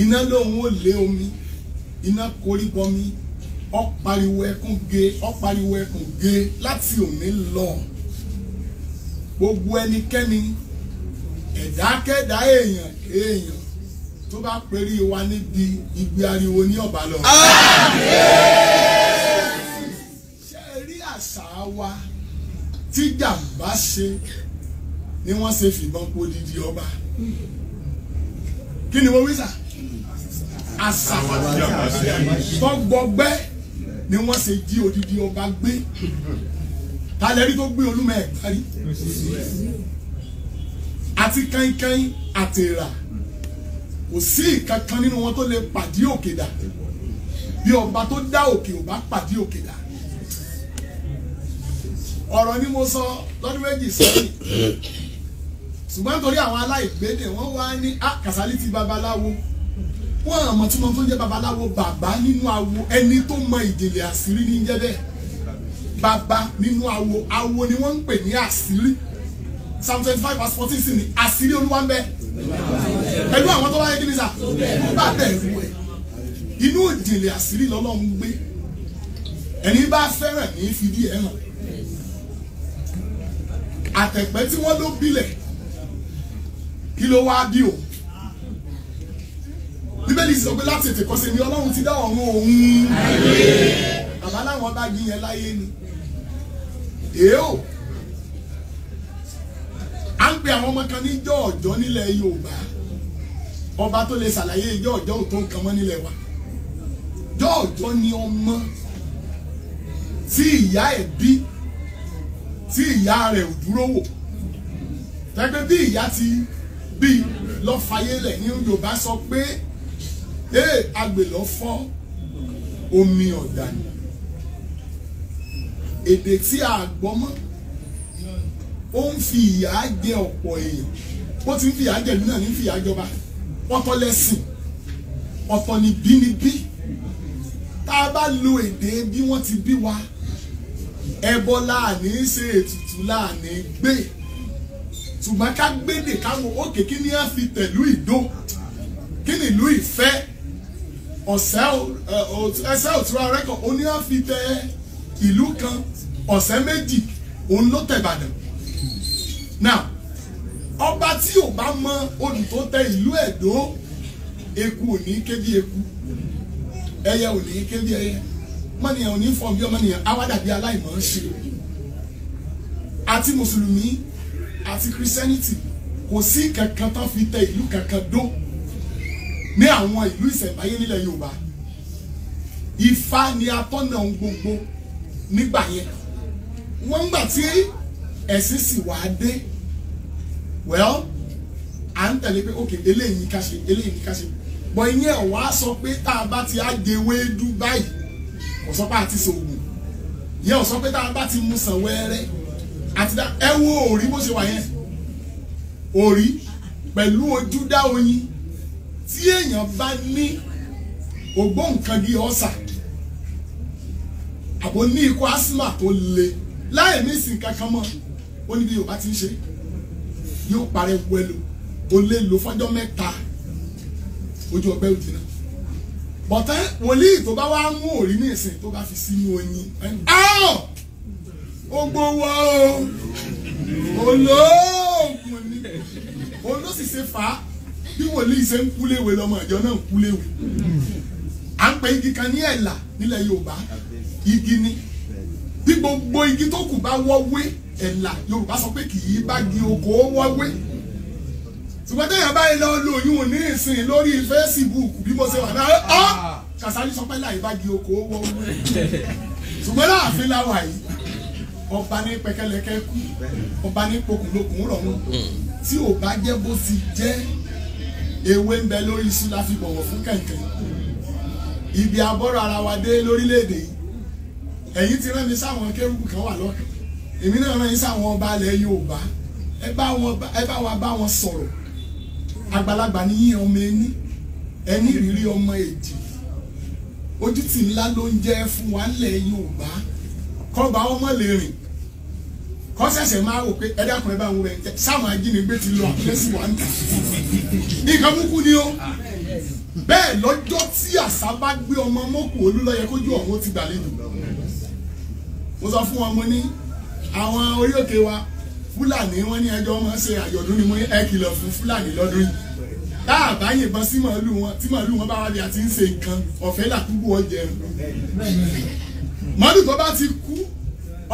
iná lòun ò lé omi iná korí bọmi ó pariwo ẹkún ge ó pariwo ẹkún ge láti òní lọ gbogbo ẹnikẹ́ni ẹ̀dákẹ́dá èèyàn èèyàn tó bá péré wa níbi igbe ariwo ní ọ̀bá lọ. ṣé ẹ rí àṣà wa tí jàǹbá ṣe ni wọ́n ṣe fìbọn po didi ọba kí ni wọ́n wí sà àṣà tọgbọgbẹ́ ni wọ́n ṣe jí odidi ọba gbé talẹ́rí tó gbé olúmọ̀ ẹ̀ parí àti kankan àtẹ̀rà kò sí nǹkan kan nínú wọn tó lè pàdé òkè dà bí ọba tó dá òkè ò bá pàdé òkè dà ọ̀rọ̀ ni mo sọ lọ́dún méjì sẹ́yìn ṣùgbọ́n nítorí àwọn aláìgbédè wọ́n wá ní ah, kàsálí ti babaláwo wọ́n àmọ́ tí mo tó ń jẹ́ babaláwo bàbá nínú awo ẹni tó mọ ìdílé àṣírí ní jẹ́ bẹ́ẹ̀ bàbá nínú awo awo ni wọ́n ń pè ní àṣírí psalm twenty five verse fourteen sì ni àṣírí olúwa ń bẹ pẹ̀lú àwọn tó bá yẹ kí ni sà bá bẹ̀rù ẹ̀ inú ìjìnlẹ̀ àṣírí lọ́lọ́run gbé ẹni bá fẹ́ràn ní fi bí ẹ̀ hàn àtẹ̀pẹ́ tí wọ́n ló bílẹ̀ kí ló wá bí o bíbélì sọ pé láti ètè kọ́sẹ̀ ni ọlọ́run ti dá ọ̀run òun àmọ́ láwọn bá gbé yẹn láyé ni èèó à ń pe àwọn ọmọ kan ní jọ́ọ̀jọ́ nílẹ̀ Yorùbá ọba tó lè ṣàlàyé ìjọ ọjọ́ tó ń kan mọ́ nílẹ̀ wa ìjọ ọjọ́ ni ọmọ tí ìyá ẹ̀ bí tí ìyá rẹ̀ ò dúró wò tẹ́gbẹ́ bí ìyá ti bí lọ́fàyélẹ̀ ní Yorùbá sọ pé ee agbèlọ́ fọ́ omi ọ̀dà ni èdè tí a gbọ́ mọ́ ó ń fi ìyà jẹ ọ̀pọ̀ èèyàn bó ti ń fi ìyà jẹ ìlú náà ní fi ìyà jọba ọ̀tọ̀ lẹ́sìn ọ̀tọ̀ ni bínibí tá a bá lo èdè bí wọ́n ti bí wa ẹbọ láàní ṣe ètùtù láàní gbé ṣùgbọ́n ká gbédè káwọn òkè kí ni a fi tẹ̀lú ìdó kí ni ìlú ìfẹ́ ọ̀sẹ̀ ẹsẹ̀ òtúrọ̀ rẹ́kọ̀ ó ní a fi tẹ ìlú kan ọ̀sẹ̀ méjì òun ló tẹ̀ Ìbàdàn now ọba tí ò bá mọ odù tó tẹ ìlú Ẹdó eku ò ní ké bí eku ẹyẹ ò ní ké bí ẹyẹ mọ́nìyàn ò ní fọ́ bí ọmọnìyàn awádàbí aláìmọ̀ ṣe àti mùsùlùmí àti christianity kò sí kankan tán fi tẹ ìlú kankan dó ní àwọn ìlú ìṣẹ̀ǹbáyé nílẹ̀ Yorùbá Ifá ni atọ́nà ohun gbogbo nígbà yẹn wọ́n ń gbà tí ẹ̀sìn sì wá dé well à ń tẹ̀lé pé ok eléyìí ní ká ṣe eléyìí ní ká ṣe bọ̀ ìyẹn ọ̀wá sọ pé tá a bá ti á dewé dú báyìí kò sọ pé a ti sòògùn ìyẹn ò sọ pé tá a bá ti mu sàn wẹ́rẹ́ àti dá ẹ wo òrí bó ṣe wà yẹn òrí pẹ̀lú ojú dá oyin tí èèyàn bá ní ògbóǹkangí ọ̀sà àbò ní ikú asthma tó le láì ní ìsìn kankan mọ́ ó ní bí Yorùbá ti ń ṣe é yóò parẹ́ wẹ̀lú o lè lò fọ́jọ́ mẹ́ta ojú ọbẹ̀ òdì náà bọ̀tẹ́ wòlíì tó bá wá mú òrí ní ìsìn tó bá fi sínú oyin ọ̀ ó gbowó o olóògùn ni olóṣìṣẹ́ fà á bí wòlíì ṣe ń kúléwé lọ́mọ ìjọ náà ń kúléwé à ń pe igi kan ní ẹ̀là nílẹ̀ Yorùbá igi ni bí gbogbo igi tó kù bá wọ́ ẹ̀là yorùbá sọ pé kì í bá gi oko wọ́wé ṣùgbọ́n tẹ̀yàn báyìí lọ lo oyún ní ìsìn lórí fésibúùkù bí mo ṣe wà náà ọ́ Kàsálí sọ pé láì bá gi oko wọ́wé ṣùgbọ́n láàfin láwà yìí ọba ní pẹkẹlẹkẹ kú ọba ní pokùnlokùn rọrùn tí ò bá jẹ́ bó ti jẹ́ ewé ń bẹ lórí iṣu la fi bọ̀wọ̀ fún kẹ̀kẹ́ ibi abọ́rọ̀ ara wa dé lórílẹ̀‐èdè yìí ẹ̀yìn ti rán mi sáwọn kérúkù kan wà lọ́kàn èmi náà rán yín sáwọn ọba alẹ̀ Yorùbá ẹ bá wa bá wọn sọ̀rọ̀ àgbàlagbà ní yín ọmọ ẹni ẹni ìrírí ọmọ èdè ojú tì ńlá ló ń jẹ́ fún wa ńlẹ̀ Yorùbá kọ́ba ọmọ lè rìn kọ́ sẹ̀sẹ̀ máa rò pé ẹ̀dá kan ẹ bá ń wẹ̀ sáwọn ajínigbé ti lọ àpilẹ́sì wa ń tà nǹkan kúkú ni ó bẹ́ẹ̀ lọ́jọ́ tí àṣà bá gbé ọmọ mọ́kù olú ló yẹ kójú ọ̀hún ti gbàlejò mo sọ fún ọmọ ní àwọn orí òkè wa fúlàní wọn ní ẹjọ́ wọn ṣe àjọ̀dún ni mo ẹ kìlọ̀ fún fúlàní lọ́dún yìí tá a bá yìnbọn sí màálù wọn tí màálù wọn bá wà bí a ti ń ṣe nǹkan ọ̀fẹ́ làkúgbò ọjẹ́ màálù tó bá ti kú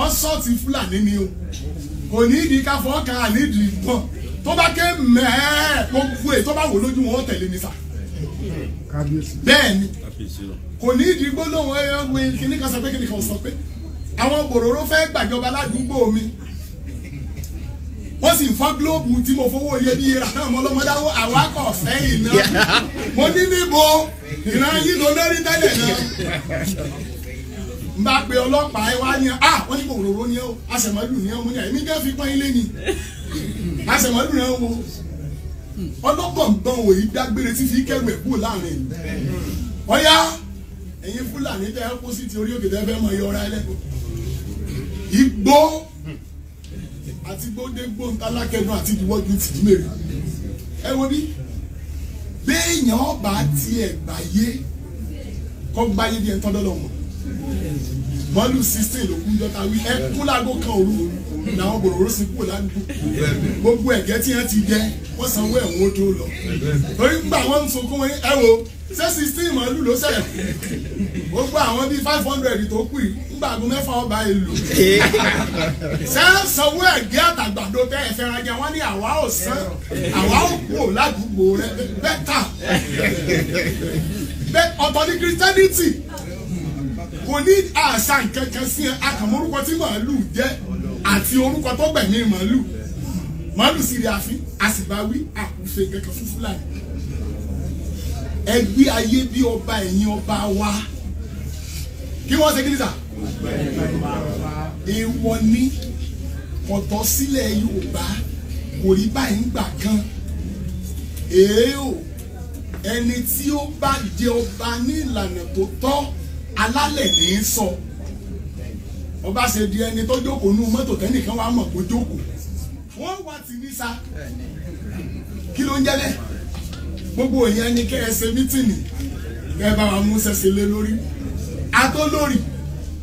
ọ̀sọ́ọ̀tì fúlàní ni o kò ní ìdí ká fọ́ọ̀kà nídìí pọ̀ tó bá ké mẹ́ẹ̀ẹ́ kó kú è tó bá wò lójú wọn ó tẹ̀lé mi sà bẹ́ẹ̀ ni kò ní ìdí gbólóhùn ẹ̀yọ́ àwọn gbòòrò fẹ́ gbàjọba ládùúgbò mi wọ́n sì ń fọ́ gílóòbù tí mo fowó iyebíye rà náà mo lọ́mọ dáwọ́ àwákọ̀ sẹ́yìn náà mo ní níbo ìran yìí ló lórí tẹ́lẹ̀ náà n bá pe ọlọ́pàá ẹ wá ní ọ ah wọ́n ní kò róró ní ọ àṣẹmọ́lù ní ọ mo ní ẹ̀mí gẹ́ fi pọ́n ilé ni àṣẹmọ́lù náà wo ọlọ́kọ̀ọ̀gbọ̀n wò yí dágbére tí fi kẹ́rù ẹ̀ kúrò láàrin ọ̀yá ẹ̀yin fúlàní tẹ́ ẹ kó sí ti orí òkè tẹ́ fẹ́ mọ iye ọ̀rá ẹlẹ́kọ̀ọ́ igbó àti gbódégbó ntálákẹ́nu àti ìdíwọ́jú ti jí mèrè ẹ wo bí béèyàn bá tiẹ̀ gbáyé kọ́ gbáyé bí ẹ tọ́ dọ́lọ́ mọ̀ mọ́lù sixteen ló kún jọta wí ẹ kú lágbo kan òru làwọn bòròró sì kúrò ládùúgbò gbogbo ẹ̀gẹ́ tí wọ́n ti jẹ́ wọ́n sanwó ẹ̀wọ̀n tó lọ torí gbà wọ́n ń sunkún wọn ẹ wo ṣé sixteen màálù ló ṣẹlẹ̀ ó gba àwọn bíi five hundred tó kù yìí nígbà tó mẹ́fà ọba yìí lò ṣé sanwó ẹ̀gẹ́ àtàgbàdo tẹ́ ẹ fẹ́ rajà wọ́n ní àwa ò san àwa ò kú ò ládùúgbò rẹ bẹ́ẹ̀ ta bẹ́ẹ̀ ọ̀tọ̀ ní christianity kò ní àṣà nǹkan kan sí ẹ akàmọ́ orúkọ tí màálù jẹ́ àti orúkọ tó gbẹ̀yìn màálù màálù sì rí àfin a sì bá wí àkùnfẹ kankan ayé bí ọba ẹ̀yìn ọba wa kí wọ́n ṣe kí ni sà èèwọ̀ ni ọ̀tọ̀ sílẹ̀ yorùbá kò rí báyìí ń gbà kan èèwò ẹni tí ó bá jẹ ọba ní ìlànà tó tọ́ alálẹ̀ ní í sọ ọba ṣe di ẹni tó jókòó nú mọ́tò tẹ́nìkan wàá mọ̀ kó jókòó wọ́n wà tì ní sa kí ló ń jẹ́ bẹ́ẹ̀ gbogbo èèyàn ni kẹ́ ẹ ṣe mítìnì kẹ́ ẹ bá wa mú sẹ́sẹ̀ lé lórí atọ́lórí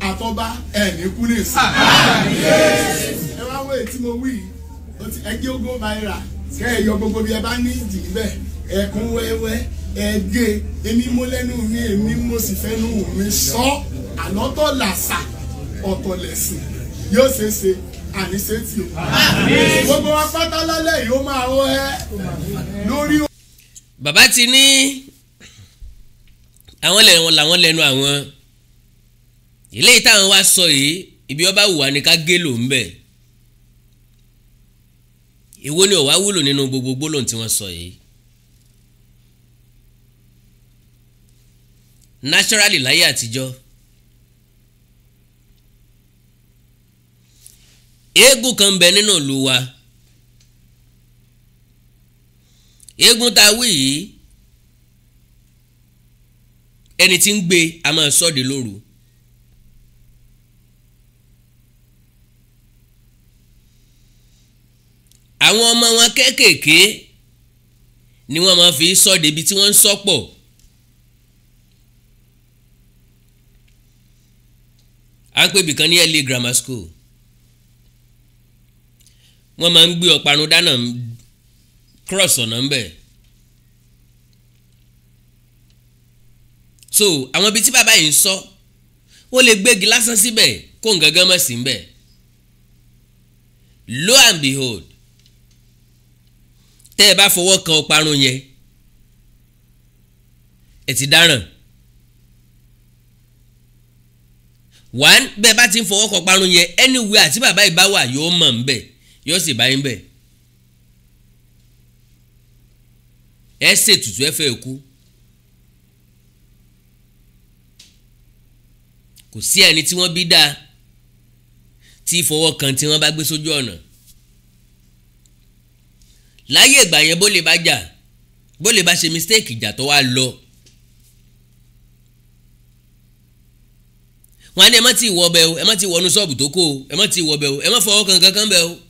àtọ́ba ẹ̀mí kú ní ìsìn. ẹ wá wọ ètí mo wí ẹ jẹ́ ogún náírà kẹ́ ẹ yọ gbogbo bí ẹ bá ní ìdì bẹ́ẹ̀ ẹ̀kún wẹ́wẹ́ ẹ̀gẹ́ èmi mo lẹ́nu mi èmi mo sì fẹ́nu mi sọ àlọ́tọ̀ làṣà ọ̀tọ̀ lẹ̀sìn yóò ṣeé ṣe àníṣetì o gbogbo wa pátá lálẹ́ yìí ó máa hó ẹ́ lórí. bàbá ti ní àwọn lẹ́nu wọn làwọn lẹ́nu àwọn eléyìí táwọn wá sọ yìí ibi ọba wùwà ni ká gé lò ń bẹ̀ èwo ni ọ̀wá wúlò nínú gbogbo gbólóhùn tí wọ́n sọ yìí naturally láyé àtijọ́ eégún kan bẹ nínú ìlú wa eégún tá a wí yìí ẹni tí ń gbé a máa sọ́ọ̀dì lóru àwọn ọmọ wọn kéékèèké ni wọ́n máa fi sọ́ọ̀dì ibi tí wọ́n ń sọ́pọ̀. So à ń pè bìkan grammar school wọ́n máa ń gbé ọ̀parun dáná cross ọ̀nà ń so àwọn ibi tí bàbá yìí ń sọ ó lè gbégi lásán síbẹ̀ kó ngangan mọ̀ sí ń lo and behold tẹ́ ẹ bá fọwọ́ kan ọ̀parun yẹn ẹ ti dáràn. one bẹ́ẹ̀ bá ti ń fọwọ́ kan ọ̀parun yẹn anywhere àti bàbá yìí bá yóò mọ̀ ń bẹ̀ yóò sì bá yín bẹ̀ ẹ ṣètùtù ẹ fẹ́ kú kò sí ẹni tí wọ́n bí dáa tí fọwọ́ kan tí wọ́n bá gbé sójú ọ̀nà láyé ìgbà yẹn bó lè bá jà bó lè bá ṣe mistake ìjà tó wá lọ wọn á ní ẹ má ti wọ ọbẹ o ẹ má ti wọnú ṣọ́ọ̀bù tó kó o ẹ má ti wọ ọbẹ o ẹ má fọwọ́ kan kankan o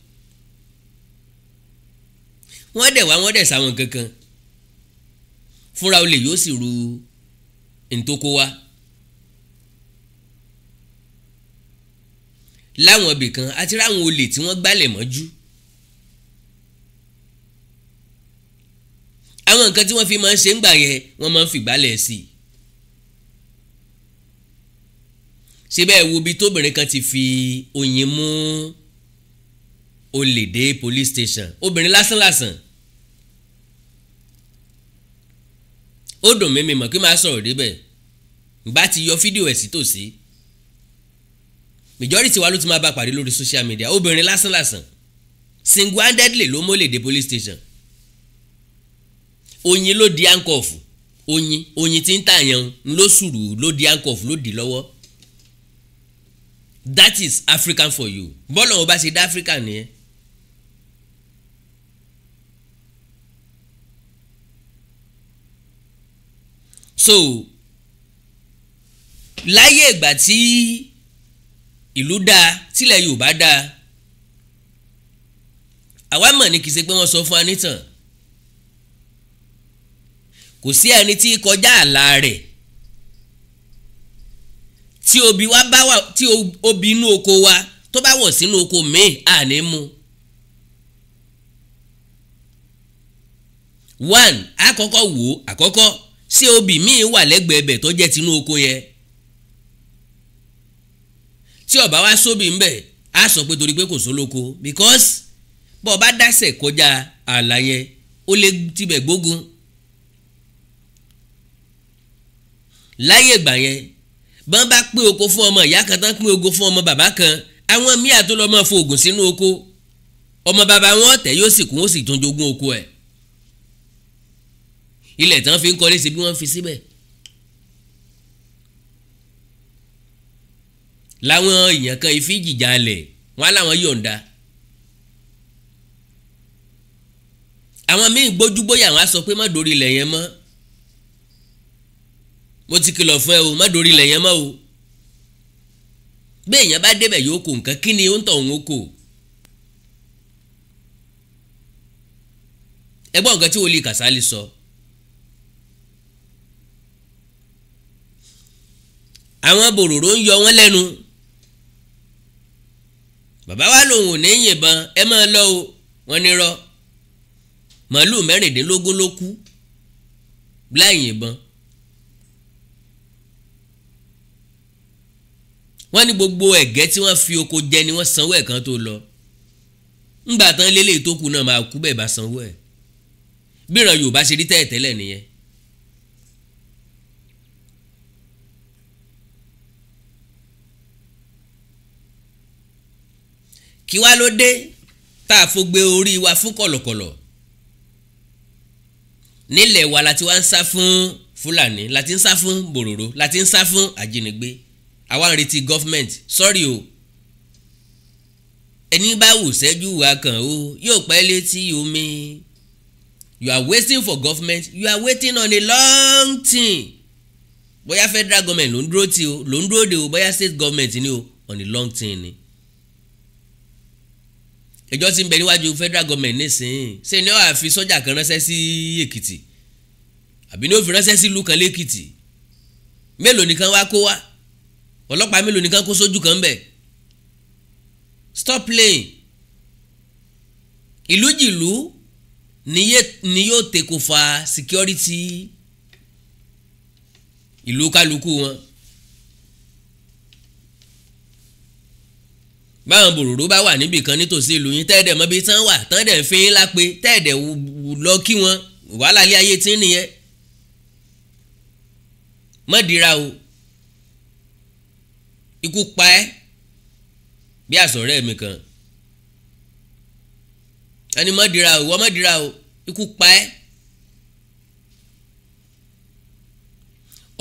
wọ́n dẹ̀ wá wọ́n dẹ̀ sáwọn kankan fúnra olè yóò sì ru ntoko wa láwọn ibì kan àti ráwọn olè tí wọ́n gbálẹ̀ mọ́jú àwọn nǹkan tí wọ́n fi máa ń ṣe ń gbà yẹn wọ́n máa ń fìgbálẹ̀ sí i síbẹ̀ wo bí tóbìnrin kan ti fi oyin mú olè dé police station obìnrin lásán lásán. ó dùn mí mi mọ̀ kí n máa sọ̀rọ̀ débẹ̀ ìgbà ti yọ fídíò ẹ̀ sí tòsí majority wa ló ti máa bá pàdé lórí social media obìnrin lásánlàsàn single handedly ló mọ́lẹ̀ dé police station oyin ló di handcuff oyin oyin tí ń tà yẹn ló sùrù ló di handcuff ló di lọ́wọ́ that is African for you bọ́ọ̀lù wọn bá ṣe dá Africa nìyẹn so láyé ìgbà tí ìlú dáa tílẹ̀ Yorùbá dáa àwa mọ̀ ní kì í ṣe pé wọ́n sọ fún wa nítàn kò sí ẹni tí kọjá àlà rẹ̀ tí obì wa bá wà tí obì inú oko wa tó bá wọ̀ sínú oko míì àní mu. one àkọ́kọ́ wò àkọ́kọ́ ṣé obì míì wà lẹ́gbẹ̀ẹ́ bẹ̀ tó jẹ́ tinú oko yẹn tí ọba wa sóbì ń bẹ̀ á sọ pé torí pé kò sólóko because bọ́ ọba dásẹ̀ kọjá ààlà yẹn ó lè tibẹ̀ gbógun láyé ìgbà yẹn bọ́n bá pín oko fún ọmọ ìyá kan tán pín oko fún ọmọ bàbá kan àwọn míì àtúlọ́mọ fòògùn sínú oko ọmọ bàbá wọn tẹ̀ yóò sì kún ó sì tún jogún oko ẹ̀. E ilẹ̀ tán fi ń kọ́lé sí bí wọ́n fi síbẹ̀ láwọn èèyàn kan ìfi jìjà lẹ̀ wọ́n á láwọn yọ̀ǹda àwọn míì gbójúgbóyà wọn á sọ pé má dórí ilẹ̀ yẹn mọ́ mo ti kìlọ̀ fún ẹ o má dórí ilẹ̀ yẹn mọ́ o bẹ́ẹ̀ yẹn bá débẹ̀ yóò kó nǹkan kí ni ó ń tọ̀ òun ó kó ẹgbọ́n nǹkan tí wòlíì Kàsálí sọ. So àwọn bòròrò ń yọ wọ́n lẹ́nu bàbá wa lòun ò ní yìnbọn ẹ máa lọ o wọ́n ní rọ màálùú mẹ́rìndínlógún ló kú láì yìnbọn wọ́n ní gbogbo ẹ̀gẹ́ tí wọ́n fi oko jẹ ni wọ́n sanwó ẹ̀ kan tó lọ ńgbà tán lélẹ̀ tó kù náà máa kú bẹ́ẹ̀ bá sanwó ẹ̀ bíran Yorùbá ṣe rí tẹ́ẹ̀tẹ́lẹ̀ nìyẹn kí wá ló dé tá a fògbé orí wa fún kọ̀lọ̀kọ̀lọ̀ nílẹ̀ wa la ti wá ń sá fún fúlàní la ti ń sá fún bòròrò la ti ń sá fún àjínigbé àwa ń retí gọ́fìmẹ̀ntì sọ́rí o ẹni bá wù sẹ́jú wa kàn o yóò pẹ́ létí omi you are waiting for government you are waiting on a long thing bóyá federal government ló ń dúró tì o ló ń dúró de o bóyá state government ni o on a long thing ni ẹjọ́ ti ń bẹ níwájú federal government nísìnyí ṣé ni wàá fi sọ́jà kan ránṣẹ́ sí èkìtì àbí ni ó fi ránṣẹ́ sí ìlú kan lẹ́kìtì mélòó nìkan wá kó wá ọlọ́pàá mélòó nìkan kó sójú kan bẹ̀ stop playing ìlú jìlú ni yóò tèkò fa security ìlú kálukú wọn. báwọn bòròró bá wà níbì kan nítòsí ìlú yín tẹ́ẹ̀dẹ̀ mọ́bi tán wà tán dẹ̀ ń fi yín lápé tẹ́ẹ̀dẹ̀ lọ kí wọn wàhálà ilé ayé tí ń nìyẹn mọ́dìra o ikú pa ẹ́ bí àsọ̀rẹ́ mi kan ẹni mọ́dìra o ìwọ mọ́dìra o ikú pa ẹ́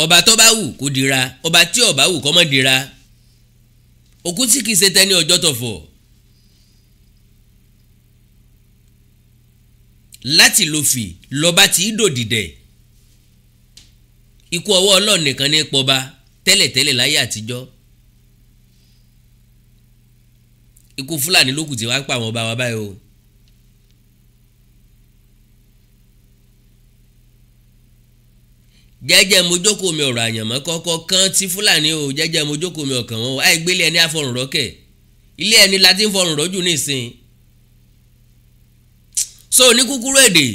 ọba tó bá wù kó dira ọba tí ọba wù kó má dira òkú tí kìí ṣe tẹni ọjọ́ tọ̀fọ̀ láti lo fì lọ́ba tí í dòdìdẹ̀ ikú ọwọ́ ọlọ́run nìkan ní pọba tẹ́lẹ̀tẹ́lẹ̀ láyé àtijọ́ ikú fúlàní lókùtì wá ń ọba wa báyìí o. jẹ́jẹ́ mojókòó mi ọ̀rọ̀ àyànmọ́ kọ́kọ́ kan tí fúlàní o jẹ́jẹ́ mojókòó mi ọ̀kàn wọn àìgbélé ẹni àfọrùn rọ́kẹ̀ ilé ẹni láti ń fọrùn rọ́jù nísìn so ní kúkúrú èdè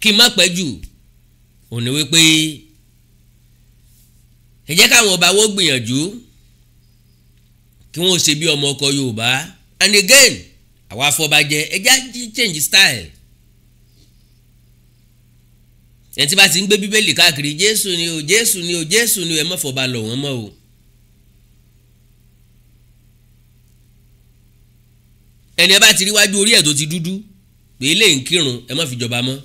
kí n má pẹ́ jù ò ní wípé ẹ jẹ́ káwọn ọba wo gbìyànjú kí wọ́n ṣe bí ọmọ ọkọ Yorùbá and again àwa afọbajẹ ẹ jẹ́ change style ẹni tí bá ti ń gbé bíbélì káàkiri jésù ni o jésù ni o jésù ni o ẹ má fọba lọ̀ wọ́n mọ́ o. ẹni ẹ bá ti rí wájú orí ẹ̀ tó ti dúdú pé ilé ń kírun ẹ má fi jọba mọ́.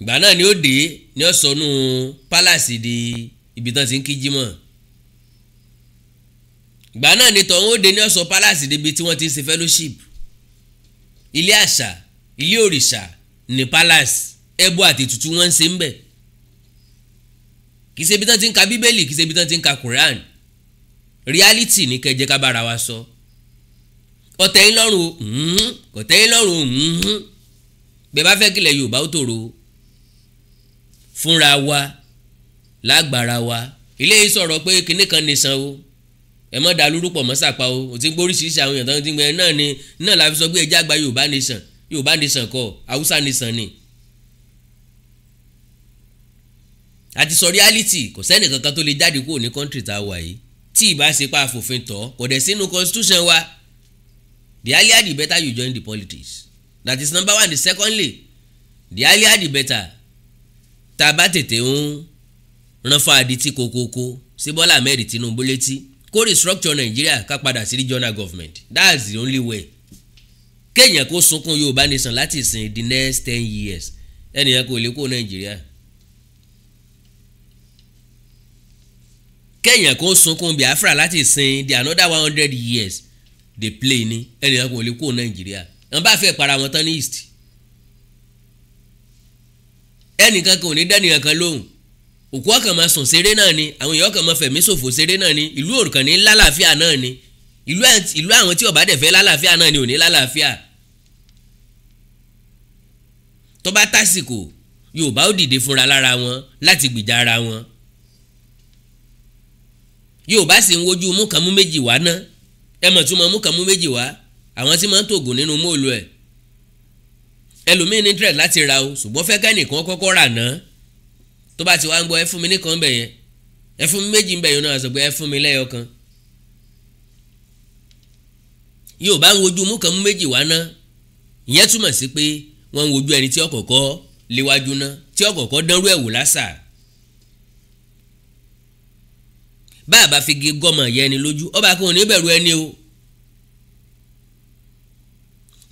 ìgbà náà ni ó dé ni ó sọnù pálásì di ibi tán ti ń kí jímọ̀ ìgbà náà ni tọ̀hún ó dé ni ó sọ pálásì débi tí wọ́n ti ń ṣe fellowship ilé àṣà ilé òrìṣà ní palace ẹbọ àti ètùtù wọn ń ṣe ń bẹ̀ kì í ṣe ibi tán ti ń ka bíbélì kì í ṣe ibi tán ti ń ka quran reality ní kẹjẹ ká bára wa sọ ọ̀tẹ̀yìn lọ́rùn ọ̀tẹ̀yìn lọ́rùn bẹ́ẹ̀ bá fẹ́ kílẹ̀ yorùbá ó tòrò fúnra wa lágbára wa ilé yìí sọ̀rọ̀ pé kinní kan nìsan o ẹ mọ́ da lórúkọ mọ́ sàpá o ò ti ń gbóríṣiríṣi àwọn èèyàn tó ń ti ń gbẹ náà ni náà la fi sọ pé ẹjẹ́ àgbà Yorùbá nation Yorùbá nation kọ́ Haúsá nation ni. àti sọ reality kò sẹ́ni kankan tó lè jáde kúrò ní country tá a wà yìí tí ìbá ṣe pa àfòfin tọ́ kò dẹ̀ sínú constitution wa the earlier the better you join the politics that is number one the secondly the earlier the better tá a bá tètè ń ránfọ àdìtì kókókó sí Bọ́lá Ahmed Tinubu létí kó restructure Nigeria ká padà sí regional government that's the only way kéèyàn kó sunkún Yorùbá nation láti sin the next ten years ẹnìyàn kò lè kó Nàìjíríà kéèyàn kó sunkún Biafra láti sin the another one hundred years dey play ni ẹnìyàn kò lè kó Nàìjíríà wọn bá fẹ́ para wọn tán ní east ẹnìkan kò ní dẹ́nìyàn kan lóhùn òkú ọkàn máa sùn ṣeré náà ni àwọn èèyàn ọkàn máa fẹ̀mí ṣòfò ṣeré náà ni ìlú òrukàn ní lálàáfíà náà ni ìlú àwọn tí ọba dẹ̀ fẹ́ lálàáfíà náà ni ò ní lálàáfíà tó bá tásìkò Yorùbá ó dìde fúnra lára wọn láti gbìjà ara wọn Yorùbá sì ń wojú mú kàn mú méjì wá ná ẹ mọ̀ tún mọ̀ mú kàn mú méjì wá àwọn tí máa ń tògùn nínú móòlù ẹ̀ ẹlòmíín ní tírẹ̀ láti ra o ṣùgbọ́n fẹ́ kẹ́nìkan kọ́kọ́ rà náà tó bá ti wá ń gbọ́ ẹ fún mi nìkan bẹ̀ yẹn ẹ fún mi méjì ń bẹ̀ yẹn náà sọ pé ẹ fún mi lẹ́yọkan yóò bá ń wojú mú kan mú méjì wá ná ìyẹn túmọ̀ sí pé wọ́n ń wojú ẹni tí ọ̀kọ̀ọ̀kọ́ léwájú ná tí ọ̀kọ̀ọ̀kọ́ dánrú ẹ̀ wò lásà bá a bá fi gé gọ́mọ yẹ ẹni lójú ọba kan ní bẹ̀rù ẹni o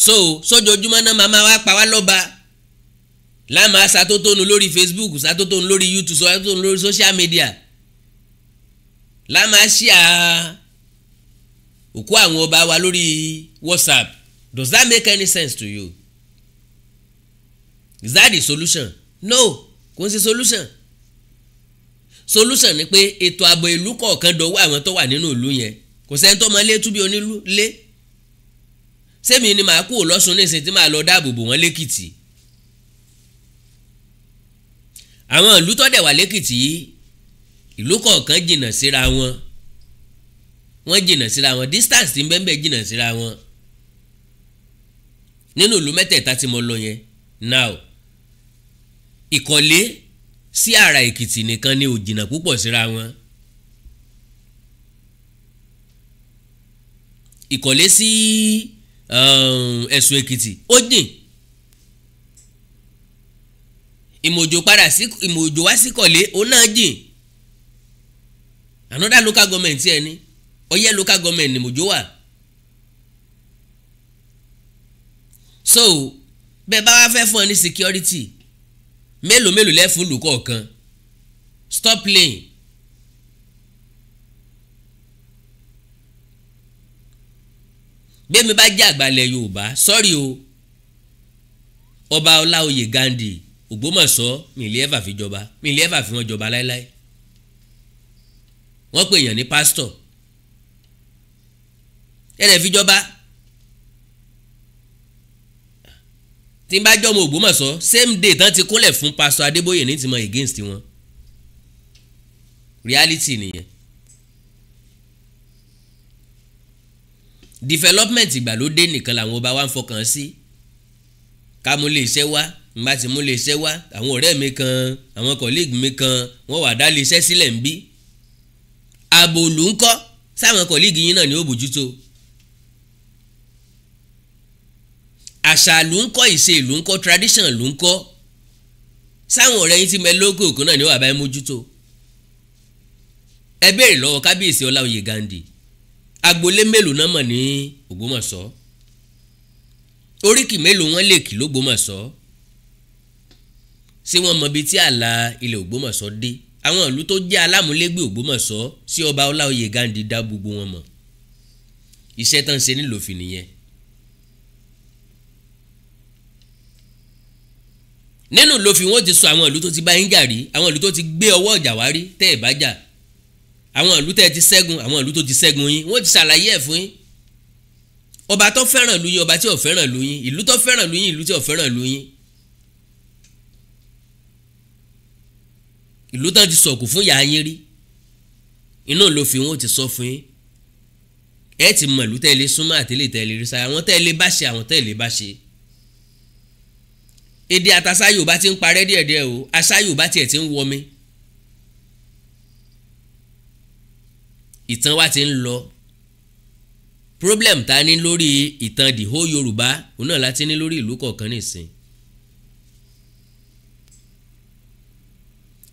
so sójoojúmọ́ náà màmá wa pa wá lọ́ba láàmà ṣàtótónu lórí facebook ṣàtótónu lórí youtube ṣàtótónu lórí social media láàmà ṣíà òkú àwọn ọba wa lórí whatsapp does that make any sense to you is that the solution no kò ń ṣe solution solution ni pé ètò ààbò ìlú kọ̀ọ̀kan dọ̀wọ́ àwọn tó wà nínú ìlú yẹn kò sẹ́ni tó mọ ilé túbí onílé sẹ́mi ni màá kú lọ́sùn ní ìsìn tí màá lọ dáàbò bò wọ́n lẹ́kìtì àwọn ìlú tó dẹ̀ wà lẹ́kìtì yìí ìlú kọ̀ọ̀kan jìnnà síra wọn wọ́n jìnnà síra wọn distance tí ń bẹ́ẹ̀ bẹ́ẹ̀ jìnnà síra wọn nínú ìlú mẹ́tẹ̀ẹ̀ta tí mo lọ yẹn now ìkọ̀lé sí ara èkìtì nìkan ni ò jìnnà púpọ̀ síra wọn ìkọ̀lé sí um, ẹ̀sùn èkìtì ó jìn ìmọ̀jò padà sí ìmọ̀jò wá sí kọ̀lé òun náà jìn another local government ẹ ní ọyẹ local government ni ìmọ̀jò wà. so bẹ́ẹ̀ bá wá fẹ́ fún ọ ní security mélòó mélòó lẹ́fún olùkọ́ kan stop playing. bẹ́ẹ̀ mi bá jẹ́ àgbàlẹ̀ Yorùbá sọ́rí o ọba Ọláoyè Gandhi Ògbómọ̀ṣọ́ mi ilé ẹ̀fà fi jọba mi ilé ẹ̀fà fi wọn jọba láéláé wọ́n pè èèyàn ní pásítọ̀ ẹ̀rẹ̀ fi jọba tí n bá jọmọ Ògbómọ̀ṣọ́ same day tán ti kúnlẹ̀ fún pásítọ̀ Adébóyè ní tìmọ̀ against wọn reality nìyẹn development ìgbàlódé nìkan làwọn ọba wa ń fọkàn sí ká mú lè n bá ti mú lè ṣẹ́ wá àwọn ọ̀rẹ́ mi kan àwọn colleague mi kan wọ́n wà dá lè ṣẹ́ sílẹ̀ ń bí ààbò òlù ń kọ́ sáwọn colleague yín náà ni ó bójútó àṣà ló ń kọ́ ìṣe ló ń kọ́ tradition ló ń kọ́ sáwọn ọ̀rẹ́ yín ti mẹ lókè òkun náà ni wàá bá yín mójútó ẹ béèrè kábíyèsí ọláòyè gandhi agboolé mélòó náà mọ̀ ní ògbómọ̀ṣọ́ oríkì mélòó wọn lè kì lógbómọ̀ṣọ́ ṣé wọ́n mọ ibi tí ààlà ilẹ̀ Ògbómọ̀ṣọ́ dé àwọn ìlú tó jẹ́ alámúlégbè Ògbómọ̀ṣọ́ sí ọba Ọláoyè Ghandi dá gbogbo wọn mọ̀ iṣẹ́ tán ṣe nílòfin nìyẹn. nínú lòfin wọn ti sọ àwọn ìlú tó ti bá yín jà rí àwọn ìlú tó ti gbé ọwọ́ ọjà wá rí tẹ́ ẹ̀ bá jà àwọn ìlú tẹ́ ẹ ti ṣẹ́gun àwọn ìlú tó ti ṣẹ́gun yín wọ́n ti ṣàlàyé ẹ̀ fún yín ọba tó fẹ́ràn lu yín ọba tí ò fẹ́ràn lu yín ìlú tó fẹ́ràn lu yín ìlú tí ò fẹ́ràn lu yín ìlú tán ti sọ̀kù fún ìyá yín rí iná ló fi wọn ti sọ fún yín ẹ ti mọ ìlú tẹ́lẹ̀ súnmọ́ àtẹ́lẹ̀ tẹ́lẹ̀ rí sáyà àwọn tẹ́lẹ̀ bá ṣe àwọn tẹ́lẹ̀ bá ṣe èdè àtàṣà Yorùbá ti ń parẹ́ díẹ̀díẹ̀ o àṣà Yorùbá tiẹ̀ ti ń wọmi ìtàn wa ti ń lọ problem ta ni lórí ìtàn the whole Yorùbá òun náà láti ní lórí ìlú kọ̀ọ̀kan nìsín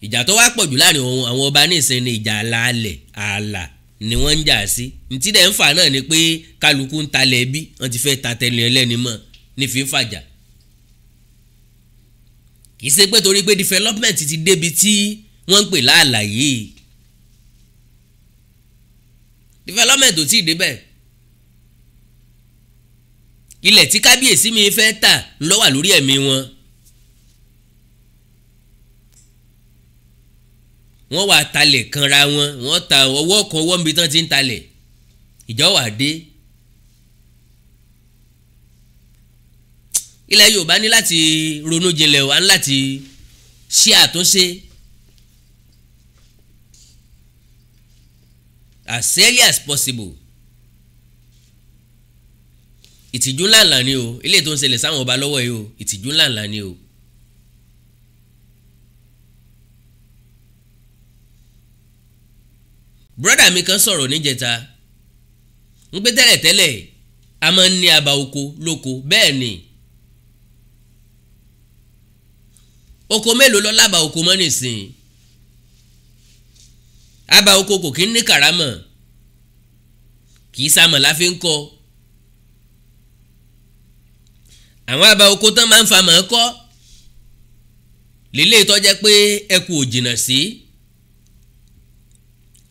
ìjà tó wá pọ̀jù láàrin àwọn ọba nísìn ni ìjà àlàálẹ̀ ààlà ni wọ́n ń jà sí ntí dẹ̀ ń fà náà ni pé kálukú ń talẹ̀ bí wọ́n ti fẹ́ ta tẹ̀lé ẹlẹ́ni mọ́ ní fi ń fàjà kì í ṣe pé torí pé development ti débi tí wọ́n ń pè láàlà yìí development ò tí ì débẹ̀ ilẹ̀ tí kábíyèsí mi fẹ́ tà ló wà lórí ẹ̀mí wọn. wọ́n wà talẹ̀ kanra wọn wọ́n ta ọwọ́ kan ọwọ́ níbi tán ti ń talẹ̀ ìjà wà dé. ilẹ̀ Yorùbá ní láti ronú jinlẹ̀ wá ní láti ṣe àtúnṣe. as early as possible ìtìjú ńláńlá ni o ilé tó ń ṣẹlẹ̀ sáwọn ọba lọ́wọ́ yìí o ìtìjú ńláńlá ni o. brọ́dà mi kan sọ̀rọ̀ níjẹta ń pé tẹ́lẹ̀tẹ́lẹ̀ a máa ń ní aba oko lóko bẹ́ẹ̀ ni oko mélòó lọ lába oko mọ́ nìsín aba oko kò kí ń ní karama kì í sàmọ̀ la fi ń kọ́ àwọn aba oko tán máa ń fa mọ̀ ọ́ kọ́ lélẹ́yìí tó jẹ́ pé ẹ kú sí. Si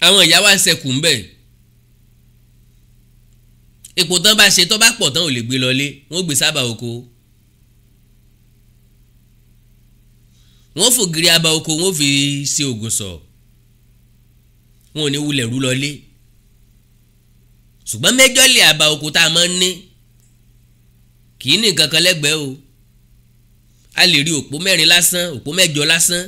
àwọn ìyá wa ń sẹkù ńbẹ epo tán bá ṣe tó bá pọ̀ tán ò lè gbé lọlé wọ́n gbé sábà oko wọ́n fògiri aba oko wọ́n fi ṣe ògùn sọ wọn ò ní wulẹ̀ rú lọlé ṣùgbọ́n mẹ́jọ́lì aba oko tá a máa ń ní kì í ní nǹkan kan lẹ́gbẹ̀ẹ́ o a lè rí òpó mẹ́rin lásán òpó mẹ́jọ lásán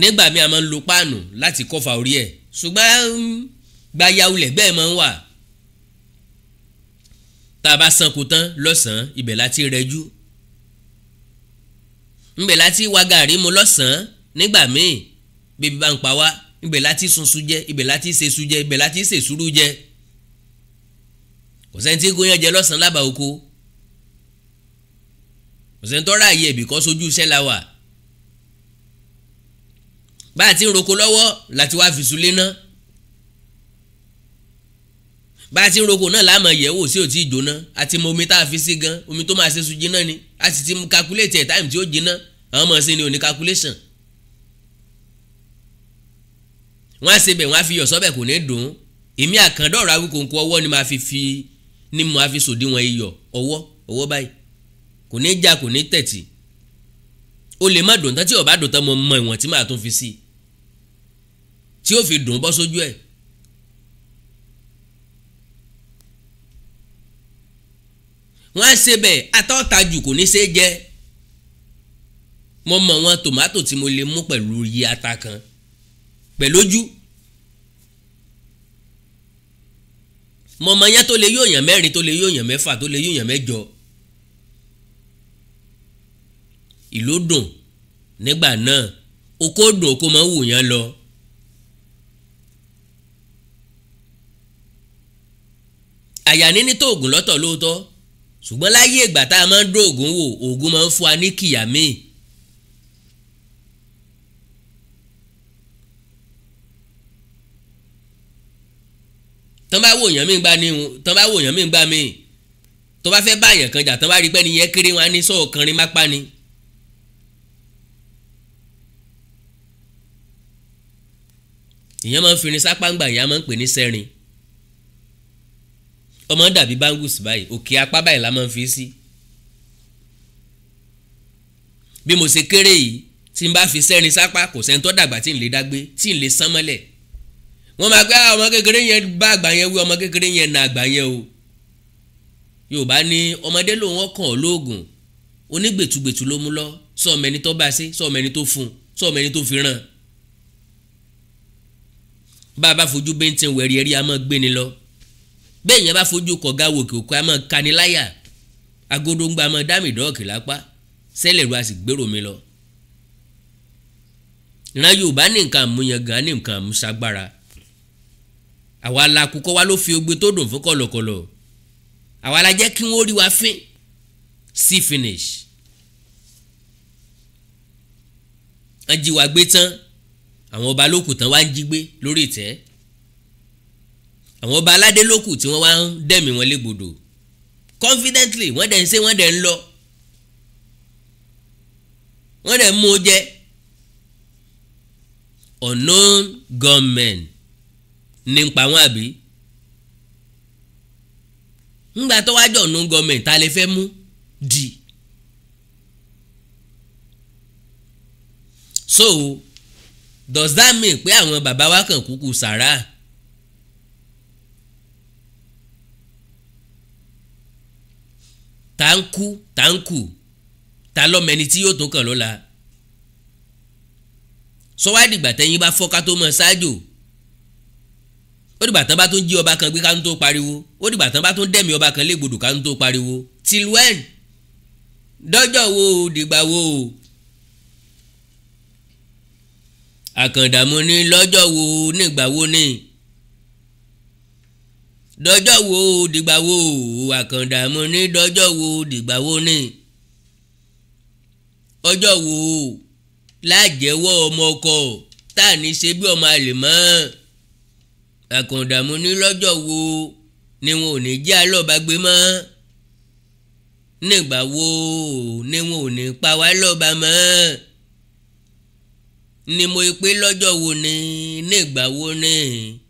nígbà míì a máa ń lo páànù láti kọ́fà orí ẹ̀ ṣùgbọ́n um, gbayawulẹ̀ bẹ́ẹ̀ máa ń wà tá a bá sanko tán lọ́sàn-án ibẹ̀ láti rẹjú ńbẹ̀ láti wá gàrí mu lọ́sàn-án nígbà míì bíbí bá ń pa wá ibẹ̀ láti sunsun jẹ ibẹ̀ láti sesu jẹ ibẹ̀ láti sèsúrú jẹ kò sẹ́ni tí kò yàn jẹ lọ́sàn-án lábàá oko kò sẹ́ni tọ́ra ayé ẹ̀bì kan sojú iṣẹ́ la wà bá a ti ń roko lọ́wọ́ láti wá fìsú lé náà bá a ti ń roko náà láàmọ̀ yẹ̀wò sí òtí ìjóná àti mọ omi tá a fi sí gan omi tó máa ṣe sùn jiná ni a sì ti calculate ẹ̀ time tí ó jiná àwọn ọmọ sí ni ò ní calculation wọ́n á ṣe bẹ̀ wọ́n á fi yọ̀ sọ́bẹ̀ kò ní dùn ún èmi àkàndọ̀rọ̀ awíkòǹkò ọwọ́ ni màá fi fi ni màá fi sòdiwọ̀n iyọ̀ ọwọ́ ọwọ́ báyìí kò ní já kò ní tẹ̀tì o lè má dùn tán tí ọba dùn tán mo mọ ìwọ̀n tí màá tún fi sí i tí ó fi dùn bọ́ sójú ẹ̀. wọ́n á ṣe bẹ́ẹ̀ atọ́tajù kò ní ṣe é jẹ mo mọ̀ wọn tòmátò tí mo lè mú pẹ̀lú iye ata kan pẹ̀lú ojú mo mọ̀ yẹn tó lè yóò yàn mẹ́rin tó lè yóò yàn mẹ́fà tó lè yóò yàn mẹ́jọ ìlú dùn nígbà náà okó dùn okó máa ń wù yẹn lọ àyà níní tó oògùn lọ́tọ̀ lóòótọ́ ṣùgbọ́n láyé ìgbà tá a máa ń dó oògùn wò oògùn máa ń fún wa ní kìyà míì tán bá wòyàn mí gbá ní tán bá wòyàn mí gbá mí tó bá fẹ́ bá àyàn kan jà tán bá rí pẹ́ nìyẹn kéré wọn á ní sọ̀ọ́kànrin má pa ni. ìyẹn máa ń fi irin sápá ń gbà ìyá máa ń pè ní sẹ́rin ọmọ dàbí bangus báyìí òkè apá báyìí la máa ń fi sí bí mo ṣe kéré yìí tí n bá fi sẹ́rin sápá kò sẹ́ni tó dàgbà tí n lè dágbé tí n lè sán mọ́lẹ̀ wọ́n máa gbé ah, ọmọ kékeré yẹn bá àgbà yẹn wí ọmọ kékeré yẹn na àgbà yẹn o yorùbá ní ọmọdé lòun ọkàn lóògùn onígbètùgbètù ló mú lọ sọmọ ẹni tó bá ṣe sọmọ ẹni tó fún sọmọ ẹni tó fi ràn bá a bá fojú bẹ́ńtẹ̀ wẹ̀rí ẹ̀rí a máa gbé ni lọ bẹ́ẹ̀ yẹn bá fojú kọ̀ga wòkè òkú a máa kaniláyà agodongba máa dámì dọ́ọ̀kì lápá sẹ́lẹ̀ ru a sì gbèrò mi lọ. ìran yorùbá ní nǹkan àmúyangàn ní nǹkan àmúṣagbára àwa la kúkọ́ wa ló fi ogbe tó dùn fún kọ̀lọ̀kọ̀lọ̀ àwa la jẹ́ kí wọ́n rí wa fín sí finish. wọ́n wa gbé tán àwọn ọba lókùtàn wa ń jí gbé lórí ìtẹ́ àwọn ọba aládé lókù tí wọ́n wá ń dẹ̀mí wọn légbodò confidently wọ́n dẹ̀ ń ṣe wọ́n dẹ̀ ń lọ wọ́n dẹ̀ ń mú jẹ́ unknown gunmen ní ń pa wọ́n àbí ńgbà tó wájọ unknown gunmen ta lè fẹ́ mú di so does that mean pé àwọn bàbá wa kàn kúkú sàrà? tá ń kú tá ń kù tá lọ́mọ ẹni tí yóò tó kàn lọ́la sọwádìí ìgbà tẹ́yìn bá fọ́ ká tó mọ ṣáájò ó dìgbà tán bá tún jí ọba kan gbé ká ń tó pariwo ó dìgbà tán bá tún dẹ̀mí ọba kan légbodò ká ń tó pariwo till when dọ́jọ́ wo dìgbà wo àkàndàmú ni lọ́jọ́ wo nígbà wo ni dọjọ́ wo dìgbà wo àkàndá mo ní dọjọ́ wo dìgbà wo ní ọjọ́ wo lájẹ́wọ́ ọmọ ọkọ tá à ní ṣe bí ọmọ àlè mọ́ àkàndá mo ní lọ́jọ́ wo ni wọn ò ní jẹ́ alọ́bàgbé mọ́ nígbà wo ni wọn ò ní pa wá lọ́ba mọ́ ni mo pe lọ́jọ́ wo ni nígbà wo ni. Ni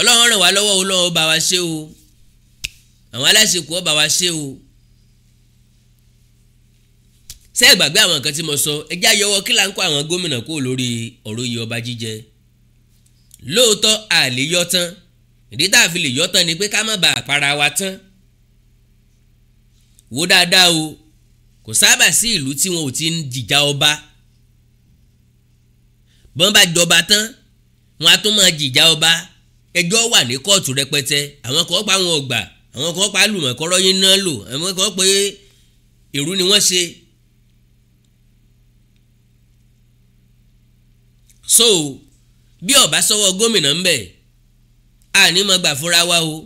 ọlọ́run ràn wá lọ́wọ́ ọlọ́run bá wa ṣe o àwọn aláṣekù ọba wa ṣe o ṣé ẹ gbàgbé àwọn nǹkan tí mo sọ ẹjẹ́ àyọwọ́ kí là ń kó àwọn gómìnà kó lórí ọ̀rọ̀ iye ọba jíjẹ lóòótọ́ a tán ìdí tá a fi lè yọ tán ni pé ká má bàa para wa tán wò dáadáa o kò sábà sí ìlú tí wọn ò ti ń jìjà ọba bọ́n bá jọba tán wọn á tún máa jìjà ọba ẹjọ́ wà ní kóòtù rẹpẹtẹ àwọn kan pa wọn ọgbà àwọn kan pa lùmọ̀kọ́rọ́ yín náà lò àwọn kan pé èrú ni wọ́n ṣe. so bí ọba sọwọ gómìnà ń bẹ àní mo gbà fúnra wa o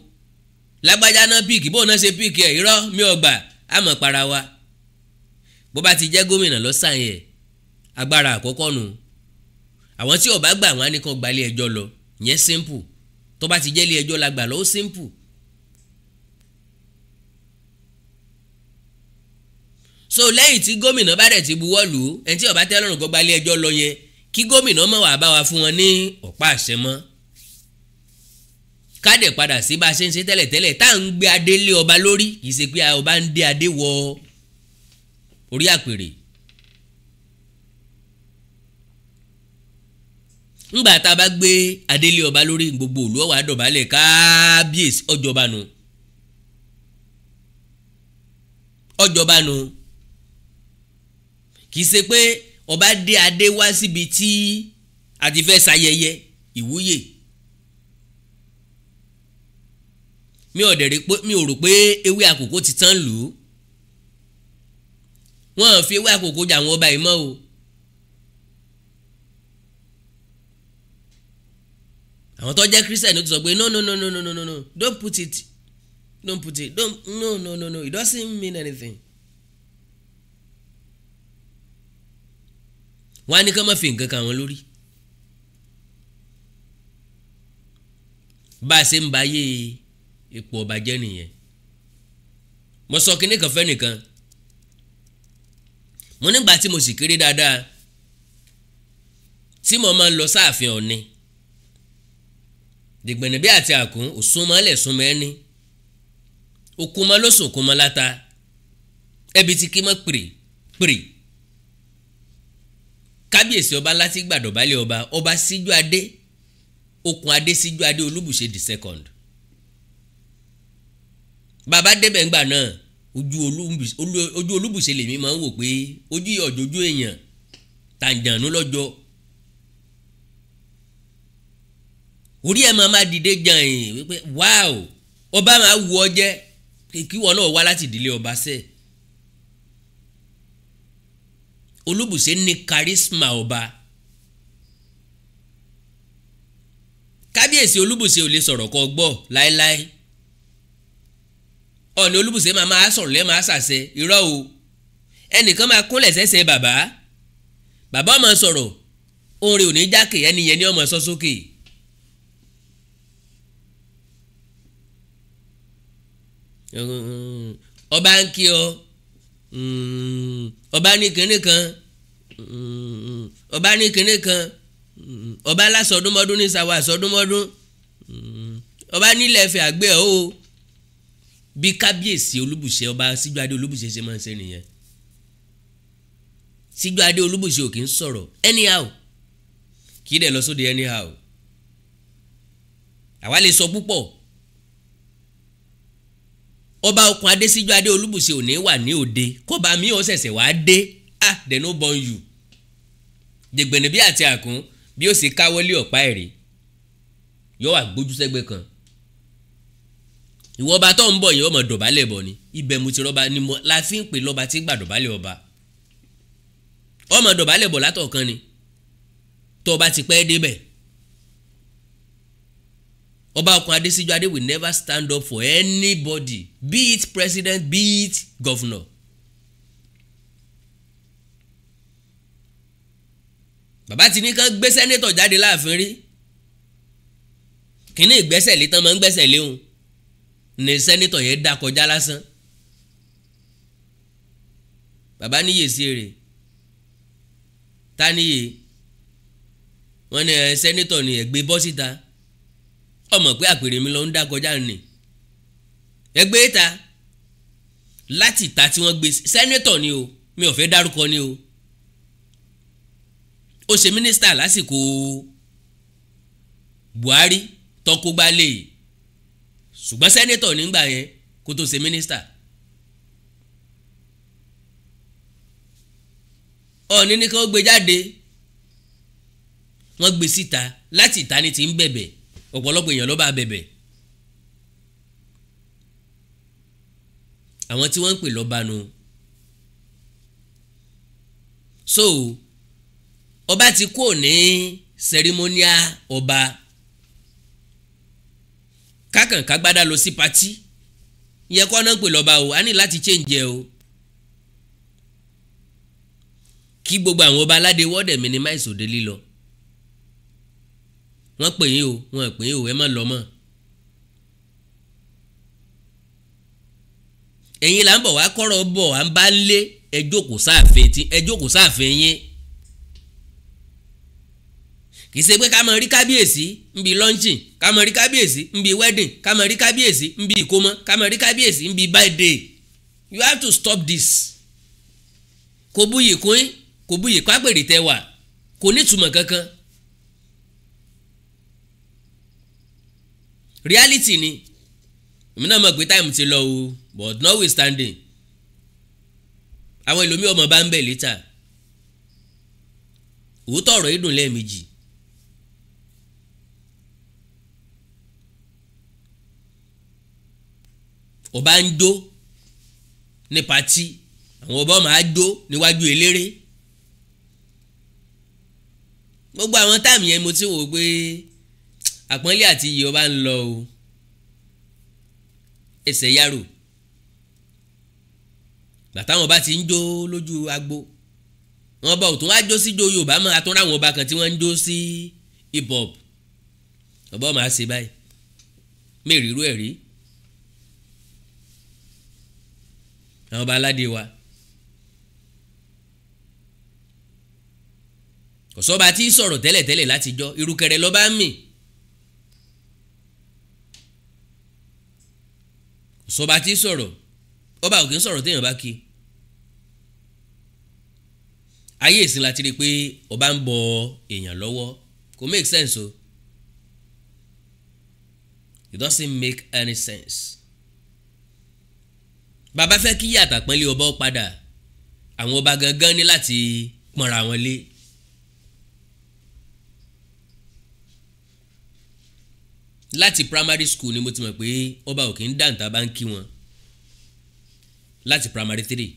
lágbájá náà píìkì bóun náà ṣe píìkì ẹ irọ́ mi ò gbà á mọ̀ para wa bó bá ti jẹ́ gómìnà lọ́sàn yẹn agbára àkọ́kọ́ nu àwọn tí ọba gbà wọn á ní kan gbalẹ̀ ẹjọ́ lọ yẹn simple tó bá ti jẹ́ ilé ẹjọ́ la gbà lọ simple so lẹ́yìn tí gómìnà bá dẹ̀ ti buwọ́ lù ú ẹni tí ó bá tẹ́ lọ́rùn gbọ́gbà ilé ẹjọ́ lọ yẹn kí gómìnà mọ̀ wá bá wa fún wọn ní ọ̀pá àṣẹ mọ́ kádẹ̀ padà sí bá a ṣe ń ṣe tẹ́lẹ̀tẹ́lẹ̀ tá à ń gbé adé lé ọba lórí kì í ṣe pé ọba ń dé adé wọ orí àpèrè ńgbà tá a bá gbé adélé ọba lórí gbogbo ìlú ọwà dọ̀bálẹ̀ kábíyèsí ọjọba nu ọjọba nu kì í ṣe pé ọba dé adé wá síbi tí a ti fẹ́ ṣayẹyẹ ìwúyè mi ò dẹ̀ pé mi ò rò pé ewé àkókò ti tán lù ú wọ́n fi ewé àkókò jà àwọn ọba yìí mọ́ o. àwọn tó jẹ́ christian ló ti sọ pé no no no no no no no don't put it don't put it don't no no no no it doesn't mean anything. wọ́n á ní ká má fi nǹkan kan àwọn lórí. bá a ṣe ń ba ayé ipò ọ̀bàjẹ́ nìyẹn mo sọ kinní kan fẹ́ nìkan mo nígbà tí mo sì kéré dáadáa tí mo máa ń lọ sáàfin Ọ̀ọ̀ni dìgbẹ̀nìbí àti àkùn òsúnmọ́lẹ̀ súnmọ́ ẹni òkúmọ́ ló sòkúmọ́ láta ẹbí tí kí mọ́ pèrè pèrè kábíyèsí ọba láti gbàdọ̀bálẹ̀ ọba ọba síjú adé okùn adé síjú adé olúbùṣe the second bàbá débẹ̀ ńgbà náà ojú olúbùṣe lèmi máa ń wò pé ojú ìyọ̀jọ́jú èèyàn tàǹjànú lọ́jọ́ orí ẹ̀ máa máa dìde jàn-ín wípé wáò ọba máa wù ọ jẹ́ kí wọn náà wá láti ìdílé ọba sẹ́ẹ̀. olúbùsẹ̀ ní kárísímà ọba kábíyèsí olúbùsẹ̀ ò lè sọ̀rọ̀ kọ gbọ́ láéláé ọ̀nà olúbùsẹ̀ máa máa sọ̀rọ̀ lẹ́ẹ̀ máa ṣàṣẹ irọ́ o ẹnìkan máa kúnlẹ̀ sẹ́sẹ̀ bàbá bàbá ọmọ sọ̀rọ̀ orin ò ní jákè ẹni yẹn ni ọmọ sọ sókè. So Mm-hmm. ọba ń kí ọ mm-hmm. ọba ní kinní kan mm-hmm. ọba ní kinní kan ọba lásọdúnmọ́dún ní sàwọn àsọdúnmọ́dún ọba nílẹ̀ ẹ̀fẹ̀ àgbẹ̀ o bí kábíyèsí olúbùṣẹ́ ọba síjúadé olúbùṣẹ́ ṣe máa ń ṣe nìyẹn síjúadé olúbùṣẹ́ ò kì í sọ̀rọ̀ anyhow kì í dẹ̀ lọ sóde anyhow àwa lè sọ púpọ̀ ọba okun adésíjú adé olúbùsẹ̀ òní wà ní òde kọba mi ò ṣẹ̀ṣẹ̀ wá dé ah they no born you jẹgbẹ̀nì bí àti àkún bí ó sì káwọ́lé ọ̀pá ẹ̀rí yóò wà gbójú sẹ́gbẹ́ kan ìwọ ọba tó ń bọ̀ yìí ọmọ dọ̀bálẹ̀ bọ̀ ni ibẹ̀ mo ti rọ́ba ni mo la fi ń pè lọ́ba tí gbà dọ̀bálẹ̀ ọba ọmọ dọ̀bálẹ̀ bọ̀ látọ̀kan ni tó ti pẹ́ débẹ̀ Ọbaọkun Adesiju Ade will never stand up for anybody be it president be it governor. Bàbá ti ní kán gbé sẹ́nétọ̀ jáde láàfin rí kínní ìgbésẹ̀ lé tán máa ń gbẹ́sẹ̀ léhùn ní sẹ́nétọ̀ yẹn dá kọjá lásán bàbá níyè sí èrè ta níyè wọ́n ní eh, sẹ́nétọ̀ ni ẹ̀gbẹ́ bọ́ síta. Si ọmọ pé àpèrè mi lọ ń dá kọjá nì ẹgbẹ́ ìta láti ìta tí wọ́n gbé sẹ́nẹ́tọ̀ ni o mi ò fẹ́ dárúkọ ni o ó ṣe mínísítà lásìkò Buhari tọkọgbálẹ ṣùgbọ́n sẹ́nẹ́tọ̀ nígbà yẹn kó tó ṣe mínísítà. Ọọ̀ni ní kí wọ́n gbé jáde wọ́n gbé síta láti ìta ni ti ń bẹ̀bẹ̀ ọ̀pọ̀lọpọ̀ èèyàn ló bá bẹ̀bẹ̀ àwọn tí wọ́n ń pè lọ́ba nu so ọba ti kú ní sẹrimóníà ọba kákànkágbádá lọ sí patí yẹ kọ́ náà pè lọ́ba o a ní láti change ẹ o kí gbogbo àwọn ọba aládé wọ́ọ̀dẹ̀ minimize òde lílọ wọ́n pè yín o wọ́n pè yín o ẹ má lọ mọ́. ẹ̀yin là ń bọ̀ wá kọ́rọ̀ bọ̀ wá ń bá lé ẹ jókòó sáàfin tí ẹ jókòó sáàfin yín kì í ṣe pé ká máa rí kábíyèsí níbi lọ́ńchìn ká máa rí kábíyèsí níbi wedding ká máa rí kábíyèsí níbi ìkómọ ká máa rí kábíyèsí níbi birthday you have to stop this kò buyì kún kò buyì kún àpèrè tẹ wà kò nítumọ̀ kankan reality ni èmi náà mọ̀ pé time ti lọ o but notwithstanding àwọn ẹlòmíì ọmọ bá ń bẹ̀ létà òótọ́ ọ̀rọ̀ yìí dùn lẹ́ẹ̀mejì ọba ń jó ní pati àwọn ọba máa jó níwájú eléré gbogbo àwọn táàmì yẹn mo ti wò pé àpọ́nlé àti iyì ọba ń lọ o ẹsẹ̀ yarò bàtàwọn bá ti ń jó lójú agbo wọn bá òtún wá jó síjó yorùbá mọ àtúnrà àwọn ọba kan tí wọn ń jó sí hip hop ọba máa ṣe báyìí mérìírú ẹ̀ rí àwọn ọba aládé wa kò sọ́ba tí sọ̀rọ̀ tẹ́lẹ̀tẹ́lẹ̀ látijọ́ irú kẹrẹ ń mì. sọba tí sọ̀rọ̀ ọba òkè ń sọ̀rọ̀ téèyàn bá kí ayé ìsìn láti rí i pé ọba ń bọ èèyàn lọ́wọ́ kò make sense o it doesn't make any sense bàbá fẹ́ kí yàtà pẹ́ńlẹ́ ọba ó padà àwọn ọba gangan ní láti pọnra wọn lé. láti primary school ni mo ti mọ̀ pé ọba òkè ń dàǹtà bá ń kí wọn láti primary three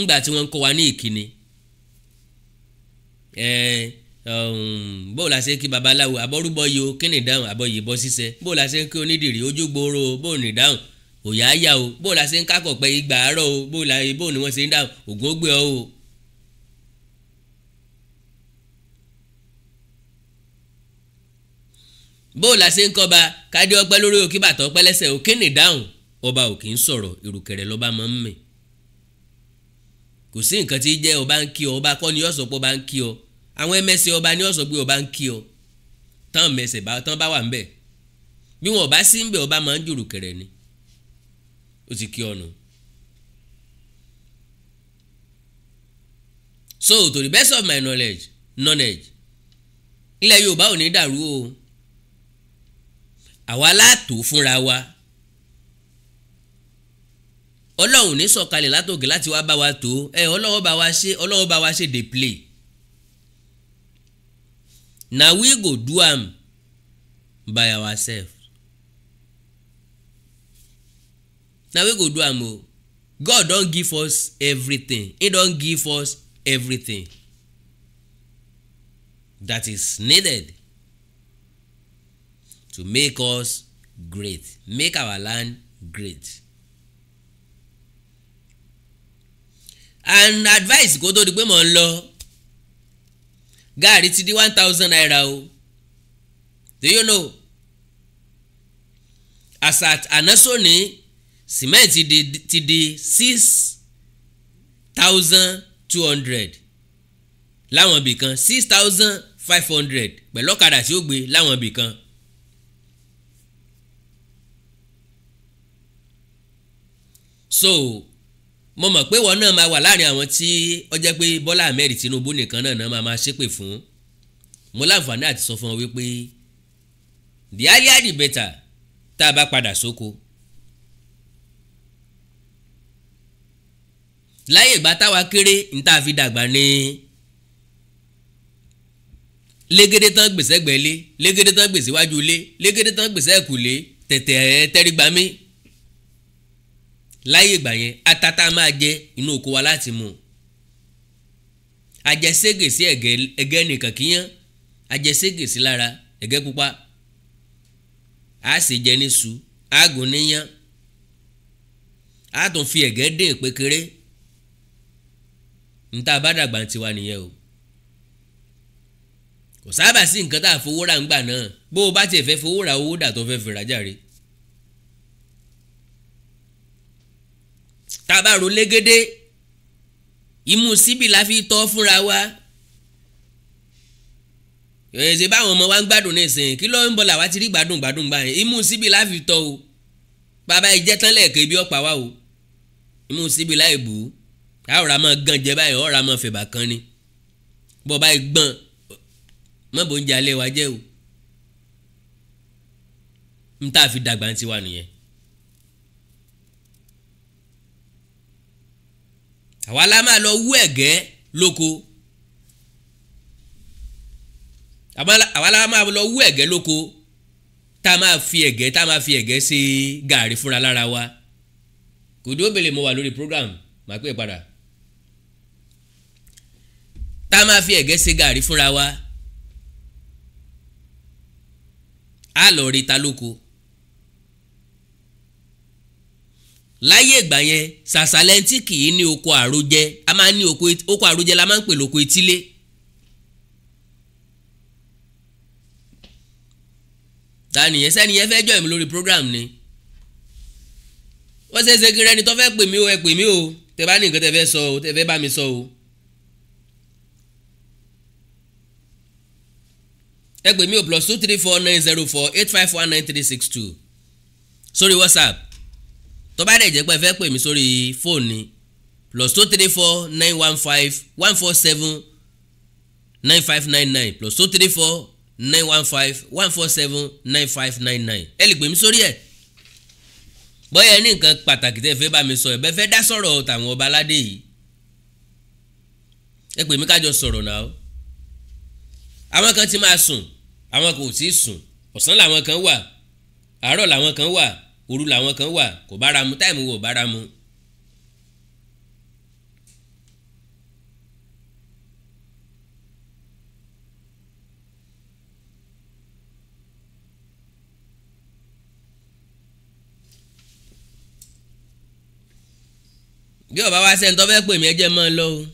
ńgbà tí wọ́n ń kọ́ wa ní ìkíni um, bó la ṣe ń kí babaláwo abọ́rúbọ yìí o kí ni ìdáhùn abọ́yè bọ́ ṣiṣẹ́ bó la ṣe ń kí onídìrí ojú gbòòrò o bó ní ìdáhùn òyà yà o bó la ṣe ń kákọ̀ pé ìgbà àárọ̀ o bó ni wọ́n ṣe ń dáhùn ògùn ó gbé ọ o. bóò la ṣe ń kọ́ba kádé ọpẹ lórí òkè bàtọ́ ọpẹ́ lẹ́sẹ̀ òkè dáhùn ọba òkè ń sọ̀rọ̀ ìrùkẹ̀rẹ̀ lọ́ba máa ń mì kò sí nǹkan tí jẹ́ ọba ń kí ọ ọba kọ́ ni yóò sọ pé ọba kí ọ àwọn ẹmẹ́sẹ̀ ọba ni yóò sọ pé ọba ń kí ọ tán bá tán wà ń bí wọn ọba àwa látò fúnra wa ọlọ́run ní sọ̀kalẹ̀ látòkè láti wá bá wa tó ẹ ọlọ́run bá wa ṣe ọlọ́run bá wa ṣe dey play na we go do am by ourselves na we go do am o God don give us everything he don give us everything that is needed to make us great make our land great and advice kó tó di pé mò ń lọ gaari ti di one thousand naira o do you know as at anasoni cement ti di ti di six thousand two hundred láwọn ibì kan six thousand five hundred pẹ̀lú ọ̀kadà tí ó gbé láwọn ibì kan so mo mọ̀ pé wọn náà máa wà láàrin àwọn tí ó jẹ́ pé Bọ́lá Ahmed Tinubu nìkan náà náà máa máa ṣépè fún mo láǹfààní àti sọ fún ọ wípé the earlier the better tá a bá padà sóko láyé ìgbà táwa kéré ní tá a fi dàgbà ní légede tán gbèsè gbẹ̀lé légede tán gbèsè wájú ilé légede tán gbèsè ẹ̀kúlé tẹ̀tẹ̀ tẹ́rígbàmí láyé ìgbà yẹn atata máa jẹ inú oko wa láti mú àjẹségè sí ẹ̀gẹ́ nìkan kíyàn àjẹségè sí lára ẹ̀gẹ́ pupa a sì jẹ ní su aago níyàn a tún fi ẹ̀gẹ́ dín ìpè kéré níta bá dàgbà tiwa nìyẹn o kò sábà sí nǹkan tá a fowó rà ńgbà náà bó o bá tiẹ̀ fẹ́ fowó ra owó dà tó fẹ́ fi rajà rèé tá a bá ro légédé imú síbì la fi tọ́ fúnra wa èsì báwọn ọmọ wa ń gbádùn ní ìsìn kí ló ń bọ̀ làwa ti rí gbádùn gbádùn gbà yẹn imú síbì la fi tọ́ o bàbá ìjẹ́tán lẹ́ẹ̀kẹ́ bí ọ̀pá wa o imú síbì láì bù ú àwòrán máa gan jẹ báyìí ọ̀rá máa fẹ̀bà kan ni bọ́ báyìí gbọ́n mọ́ bó ń jalè wa jẹ́ o n tá fi dàgbà ń tiwa nìyẹn. àwa la máa lọ wú ẹ̀gẹ́ lóko àwa la máa lọ wú ẹ̀gẹ́ lóko tá a máa fi ẹ̀gẹ́ tá a máa fi ẹ̀gẹ́ ṣe gàárì fúnra lára wa kòdó bèlè mo wà lórí program màá pè é padà tá a máa fi ẹ̀gẹ́ ṣe gàárì fúnra wa á lọ rí ta lóko láyé ìgbà yẹn sàṣàlẹ́ntì kì í ní oko àròjẹ a máa ní oko àròjẹ la máa ń pè lóko etílé. ta nìyẹn sẹ́ni yẹn fẹ́ jọ èmi lórí program ni wọ́n ṣe é ṣe kí rẹ́ni tó fẹ́ pè mí o ẹ pè mí o tẹ bá ní nǹkan tẹ fẹ́ sọ o tẹ fẹ́ bá mi sọ o. ẹ pè mí o plus two three four nine zero four eight five one nine three six two sórí WhatsApp tó bá dẹ̀ jẹ́ pé ẹ fẹ́ pè mí sórí fóònù plus two three four nine one five one four seven nine five nine nine plus two three four nine one five one four seven nine five nine nine ẹ lè pè mí sórí ẹ̀ bóyá ẹ ní nǹkan pàtàkì tẹ́ ẹ fẹ́ bá mi sọ ẹ bẹ́ẹ̀ fẹ́ dá sọ̀rọ̀ tàwọn ọba aládé yìí ẹ pè mí kájọ sọ̀rọ̀ náà àwọn kan ti máa sùn àwọn kan ò tí ì sùn ọ̀sán làwọn kan wà àárọ̀ làwọn kan wà òru làwọn kan wà kò bára mu táìmù wò bára mu. bí ọba wa sẹ́ni tó fẹ́ pè mí ẹ jẹ́ mọ́ ọ lọ́wọ́.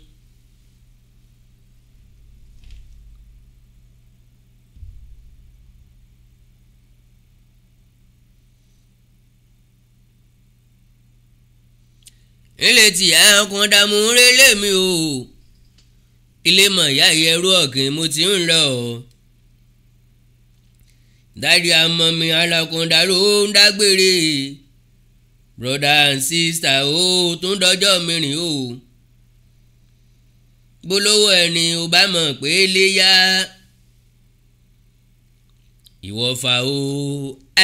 ilé tí a kún dàmú rélé mi o ilé mọ̀ ìyá ìyẹ́rú ọ̀gìn mo ti ń lọ ọ́ dáàdi àmọ́ mi alákùndà ló ń dágbére broda and sista ó tún dọjọ́ mi rìn o gbólóhùn ẹni ò bá mọ̀ pé léyà ìwọ̀fà o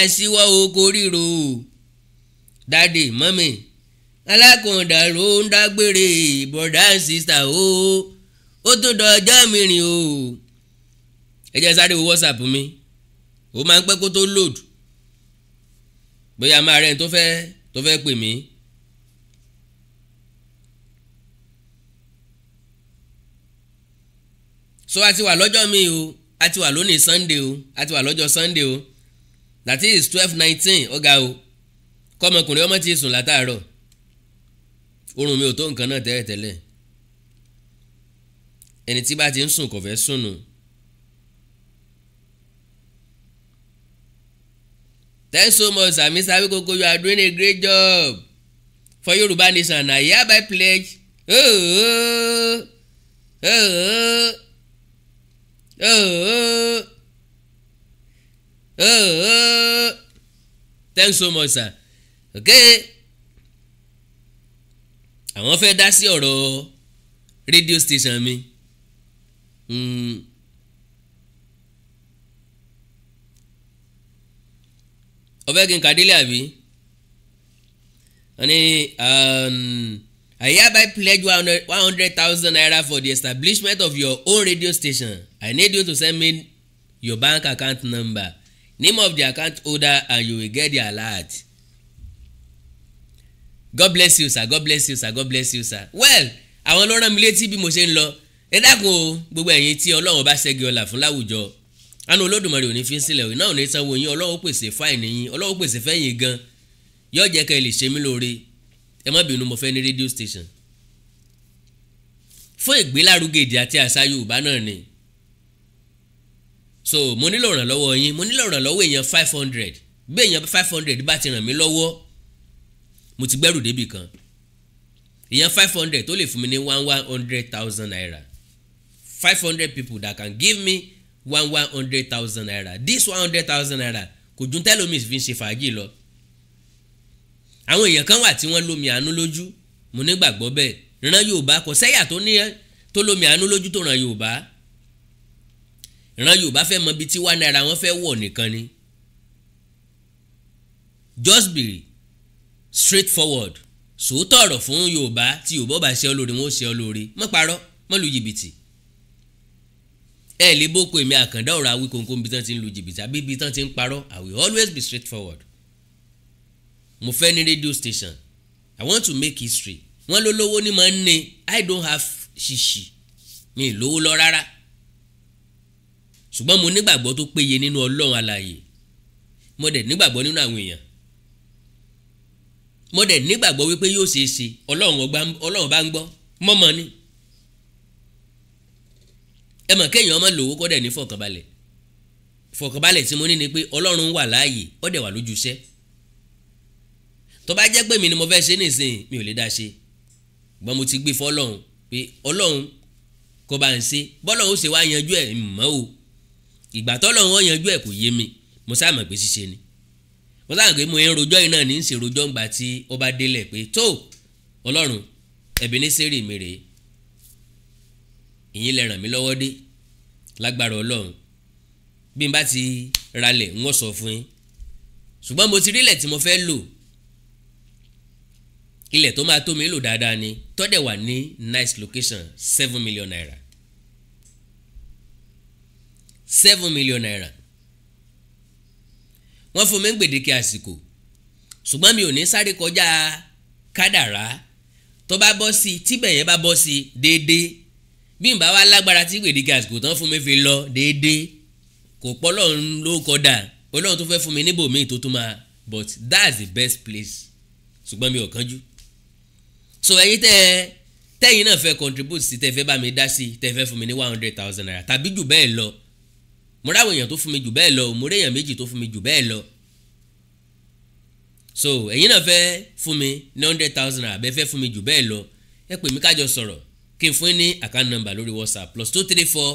àṣìwọ́ o kò ríro dáàdi mọ́mì alákùndà ló ń dágbére bọ̀dá sísà o ó tún dọjọ́ mi rìn o ẹ jẹ́ sáré wo whatsapp mi ó máa ń pẹ́ kó tó load bóyá máa rẹ̀ tó fẹ́ tó fẹ́ pè mí. so a ti wà lọ́jọ́ mi o a ti wà lónìí sunday o a ti wà lọ́jọ́ sunday o that is twelve nineteen ọ̀gá o kọ́mọkùnrin ọmọ ti sùn látàárọ̀ oorun mi ò tó nǹkan náà tẹ́lẹ̀ ẹni tí bá ti ń sùn kò fẹ́ sùn nù thanks so much sir mr abikoko you are doing a great job for Yoruba nation na hereby pledge ooo oh, ooo oh, ooo oh, ooo thanks so much sir okay àwọn fẹ́ dá sí ọ̀rọ̀ rédíò station mi ọ̀fẹ́ hmm. kí n kà délé àbí wọ́n ní um, I hereby pledge one hundred thousand naira for the establishment of your own radio station. I need you to send me your bank account number, name of the account holder, and you will get the alert god bless you sir god bless you sir god bless you sir well àwọn ló rán mi létí bí mo ṣe ń lọ ẹ dákun o gbogbo ẹ̀yin tí ọlọ́run bá ṣẹ́gi ọlà fún láwùjọ àánú olódùmarè òní fi ń sílẹ̀ òní náà òní sanwó yín ọlọ́run pèsè fáìní yín ọlọ́run pèsè fẹ́yìn gan yóò jẹ́ ká ẹ lè ṣe mí lóore ẹ má bínú mo fẹ́ ní rédíò station fún ìgbélárugẹ èdè àti àṣà yorùbá náà ni so mo nílò ìrànlọ́wọ́ yín mo nílò ìrànlọ́wọ́ èèyàn five hundred bí èèyàn five hundred bá ti ràn mí lọ́wọ́ mo ti gbẹ́rù débì kan ìyẹn five hundred tó lè fún mi ní one one hundred thousand naira five hundred people that can give me one one hundred thousand naira this one hundred thousand naira kò dùn tẹ́lómi fi ń ṣe fàájì lọ àwọn èèyàn kan wà tí wọ́n lómi àánú lójú mo nígbàgbọ́ bẹ́ẹ̀ ran Yorùbá kò sẹ́yà tó ní tó lómi àánú lójú tó ran Yorùbá ran Yorùbá fẹ́ mọ ibi tí wà náírà wọn fẹ́ wọ̀ nìkan ni just be straight forward sòótọ́ ọ̀rọ̀ fún yorùbá tí yorùbá bá ṣe olóore wọn ó ṣe olóore mọ́ parọ́ mọ́ lu jìbìtì ẹ lè bóko èmi àkàndá ọ̀rọ̀ àwí kòńkó bí tán ti ń lu jìbìtì àbí bí tán ti ń parọ́ I will always be straight forward mo fẹ́ ní radio station I want to make history wọ́n ló lówó ní máa ní I don't have ṣìṣì mi lówó lọ rárá ṣùgbọ́n mo nígbàgbọ́ tó péye nínú ọlọ́run alààyè mo dẹ̀ nígbàgbọ́ nínú àwọn èèyàn mo dẹ̀ nígbàgbọ́ wípé yóò ṣe é ṣe ọlọ́run bá ń gbọ́ mọ́mọ́ ni ẹ mọ̀ kéèyàn ọmọ lòwó kọ́ ní fọkànbalẹ̀ fọkànbalẹ̀ tí mo ní ni pé ọlọ́run wà láàyè ó dẹ̀ wà lójúṣe tó bá jẹ́ pé mi ni mo fẹ́ ṣe nísìnyí mi ò lè dá ṣe gbọ́n mo ti gbé fọlọ́run pé ọlọ́run kò bá ń ṣe bọ́lọ́run ó ṣe wá yanjú ẹ̀ mọ́ o ìgbà tọ́lọ́run ó yanjú ẹ̀ kò yé mi mo sáà mọ̀ pé ṣíṣe ni mo sáà pé mo ń rojọ́ iná ní í ṣe rojọ́ ńgbà tí ó bá délẹ̀ pé tó ọlọ́run ẹ̀bí ní sẹ́rì mi rèé ìyín lẹ ràn mí lọ́wọ́ dé lágbára ọlọ́run bí n bá ti ralẹ̀ ń wọ́n sọ fún yín ṣùgbọ́n mo ti rí ilẹ̀ tí mo fẹ́ lò ilẹ̀ tó máa tó mi lò dáadáa ni tọ́dẹ̀ wà ní nice location seven million naira seven million naira wọ́n fún mi ń gbèdéke àsìkò ṣùgbọ́n mi ò ní sáré kọjá kádàrá tó bá bọ́ sí tíbẹ̀ yẹn bá bọ́ sí déédéé bí n bá wá lágbára tí gbèdéke àsìkò tán fún mi fi lọ déédéé kò pọ́ lọ́run ló kọ́dà ọlọ́run tó fẹ́ fún mi níbò míì tó tún máa but that's the best place ṣùgbọ́n mi ò kánjú so ẹ̀yin tẹ́ ẹ tẹ́yin náà fẹ́ contribute sí tẹ́ fẹ́ bá mi dá sí tẹ́ fún mi ní one hundred thousand naira tàbí jù bẹ́ẹ̀ lọ mo ráwọn èèyàn tó fún mi jù bẹ́ẹ̀ lọ mo réèyàn méjì tó fún mi jù bẹ́ẹ̀ lọ so ẹ̀yin náà fẹ́ fún mi ní hundred thousand àbẹ́ fẹ́ fún mi jù bẹ́ẹ̀ lọ ẹ pè mí kájọ sọ̀rọ̀ kí n fún yín ní account number lórí whatsapp plus two three four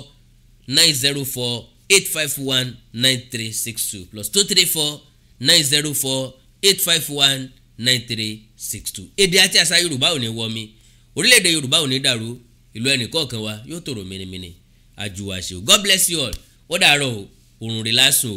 nine zero four eight five one nine three six two plus two three four nine zero four eight five one nine three six two èdè àti àṣà yorùbá ò ní wọ mi orílẹ̀-èdè yorùbá ò ní dàrú ìlú ẹnì kọ̀ọ̀kan wa yóò tòrò mìnìmìnì àjùwàṣe god bless you all ó dàárọ̀ òrùn rẹ̀ lásò.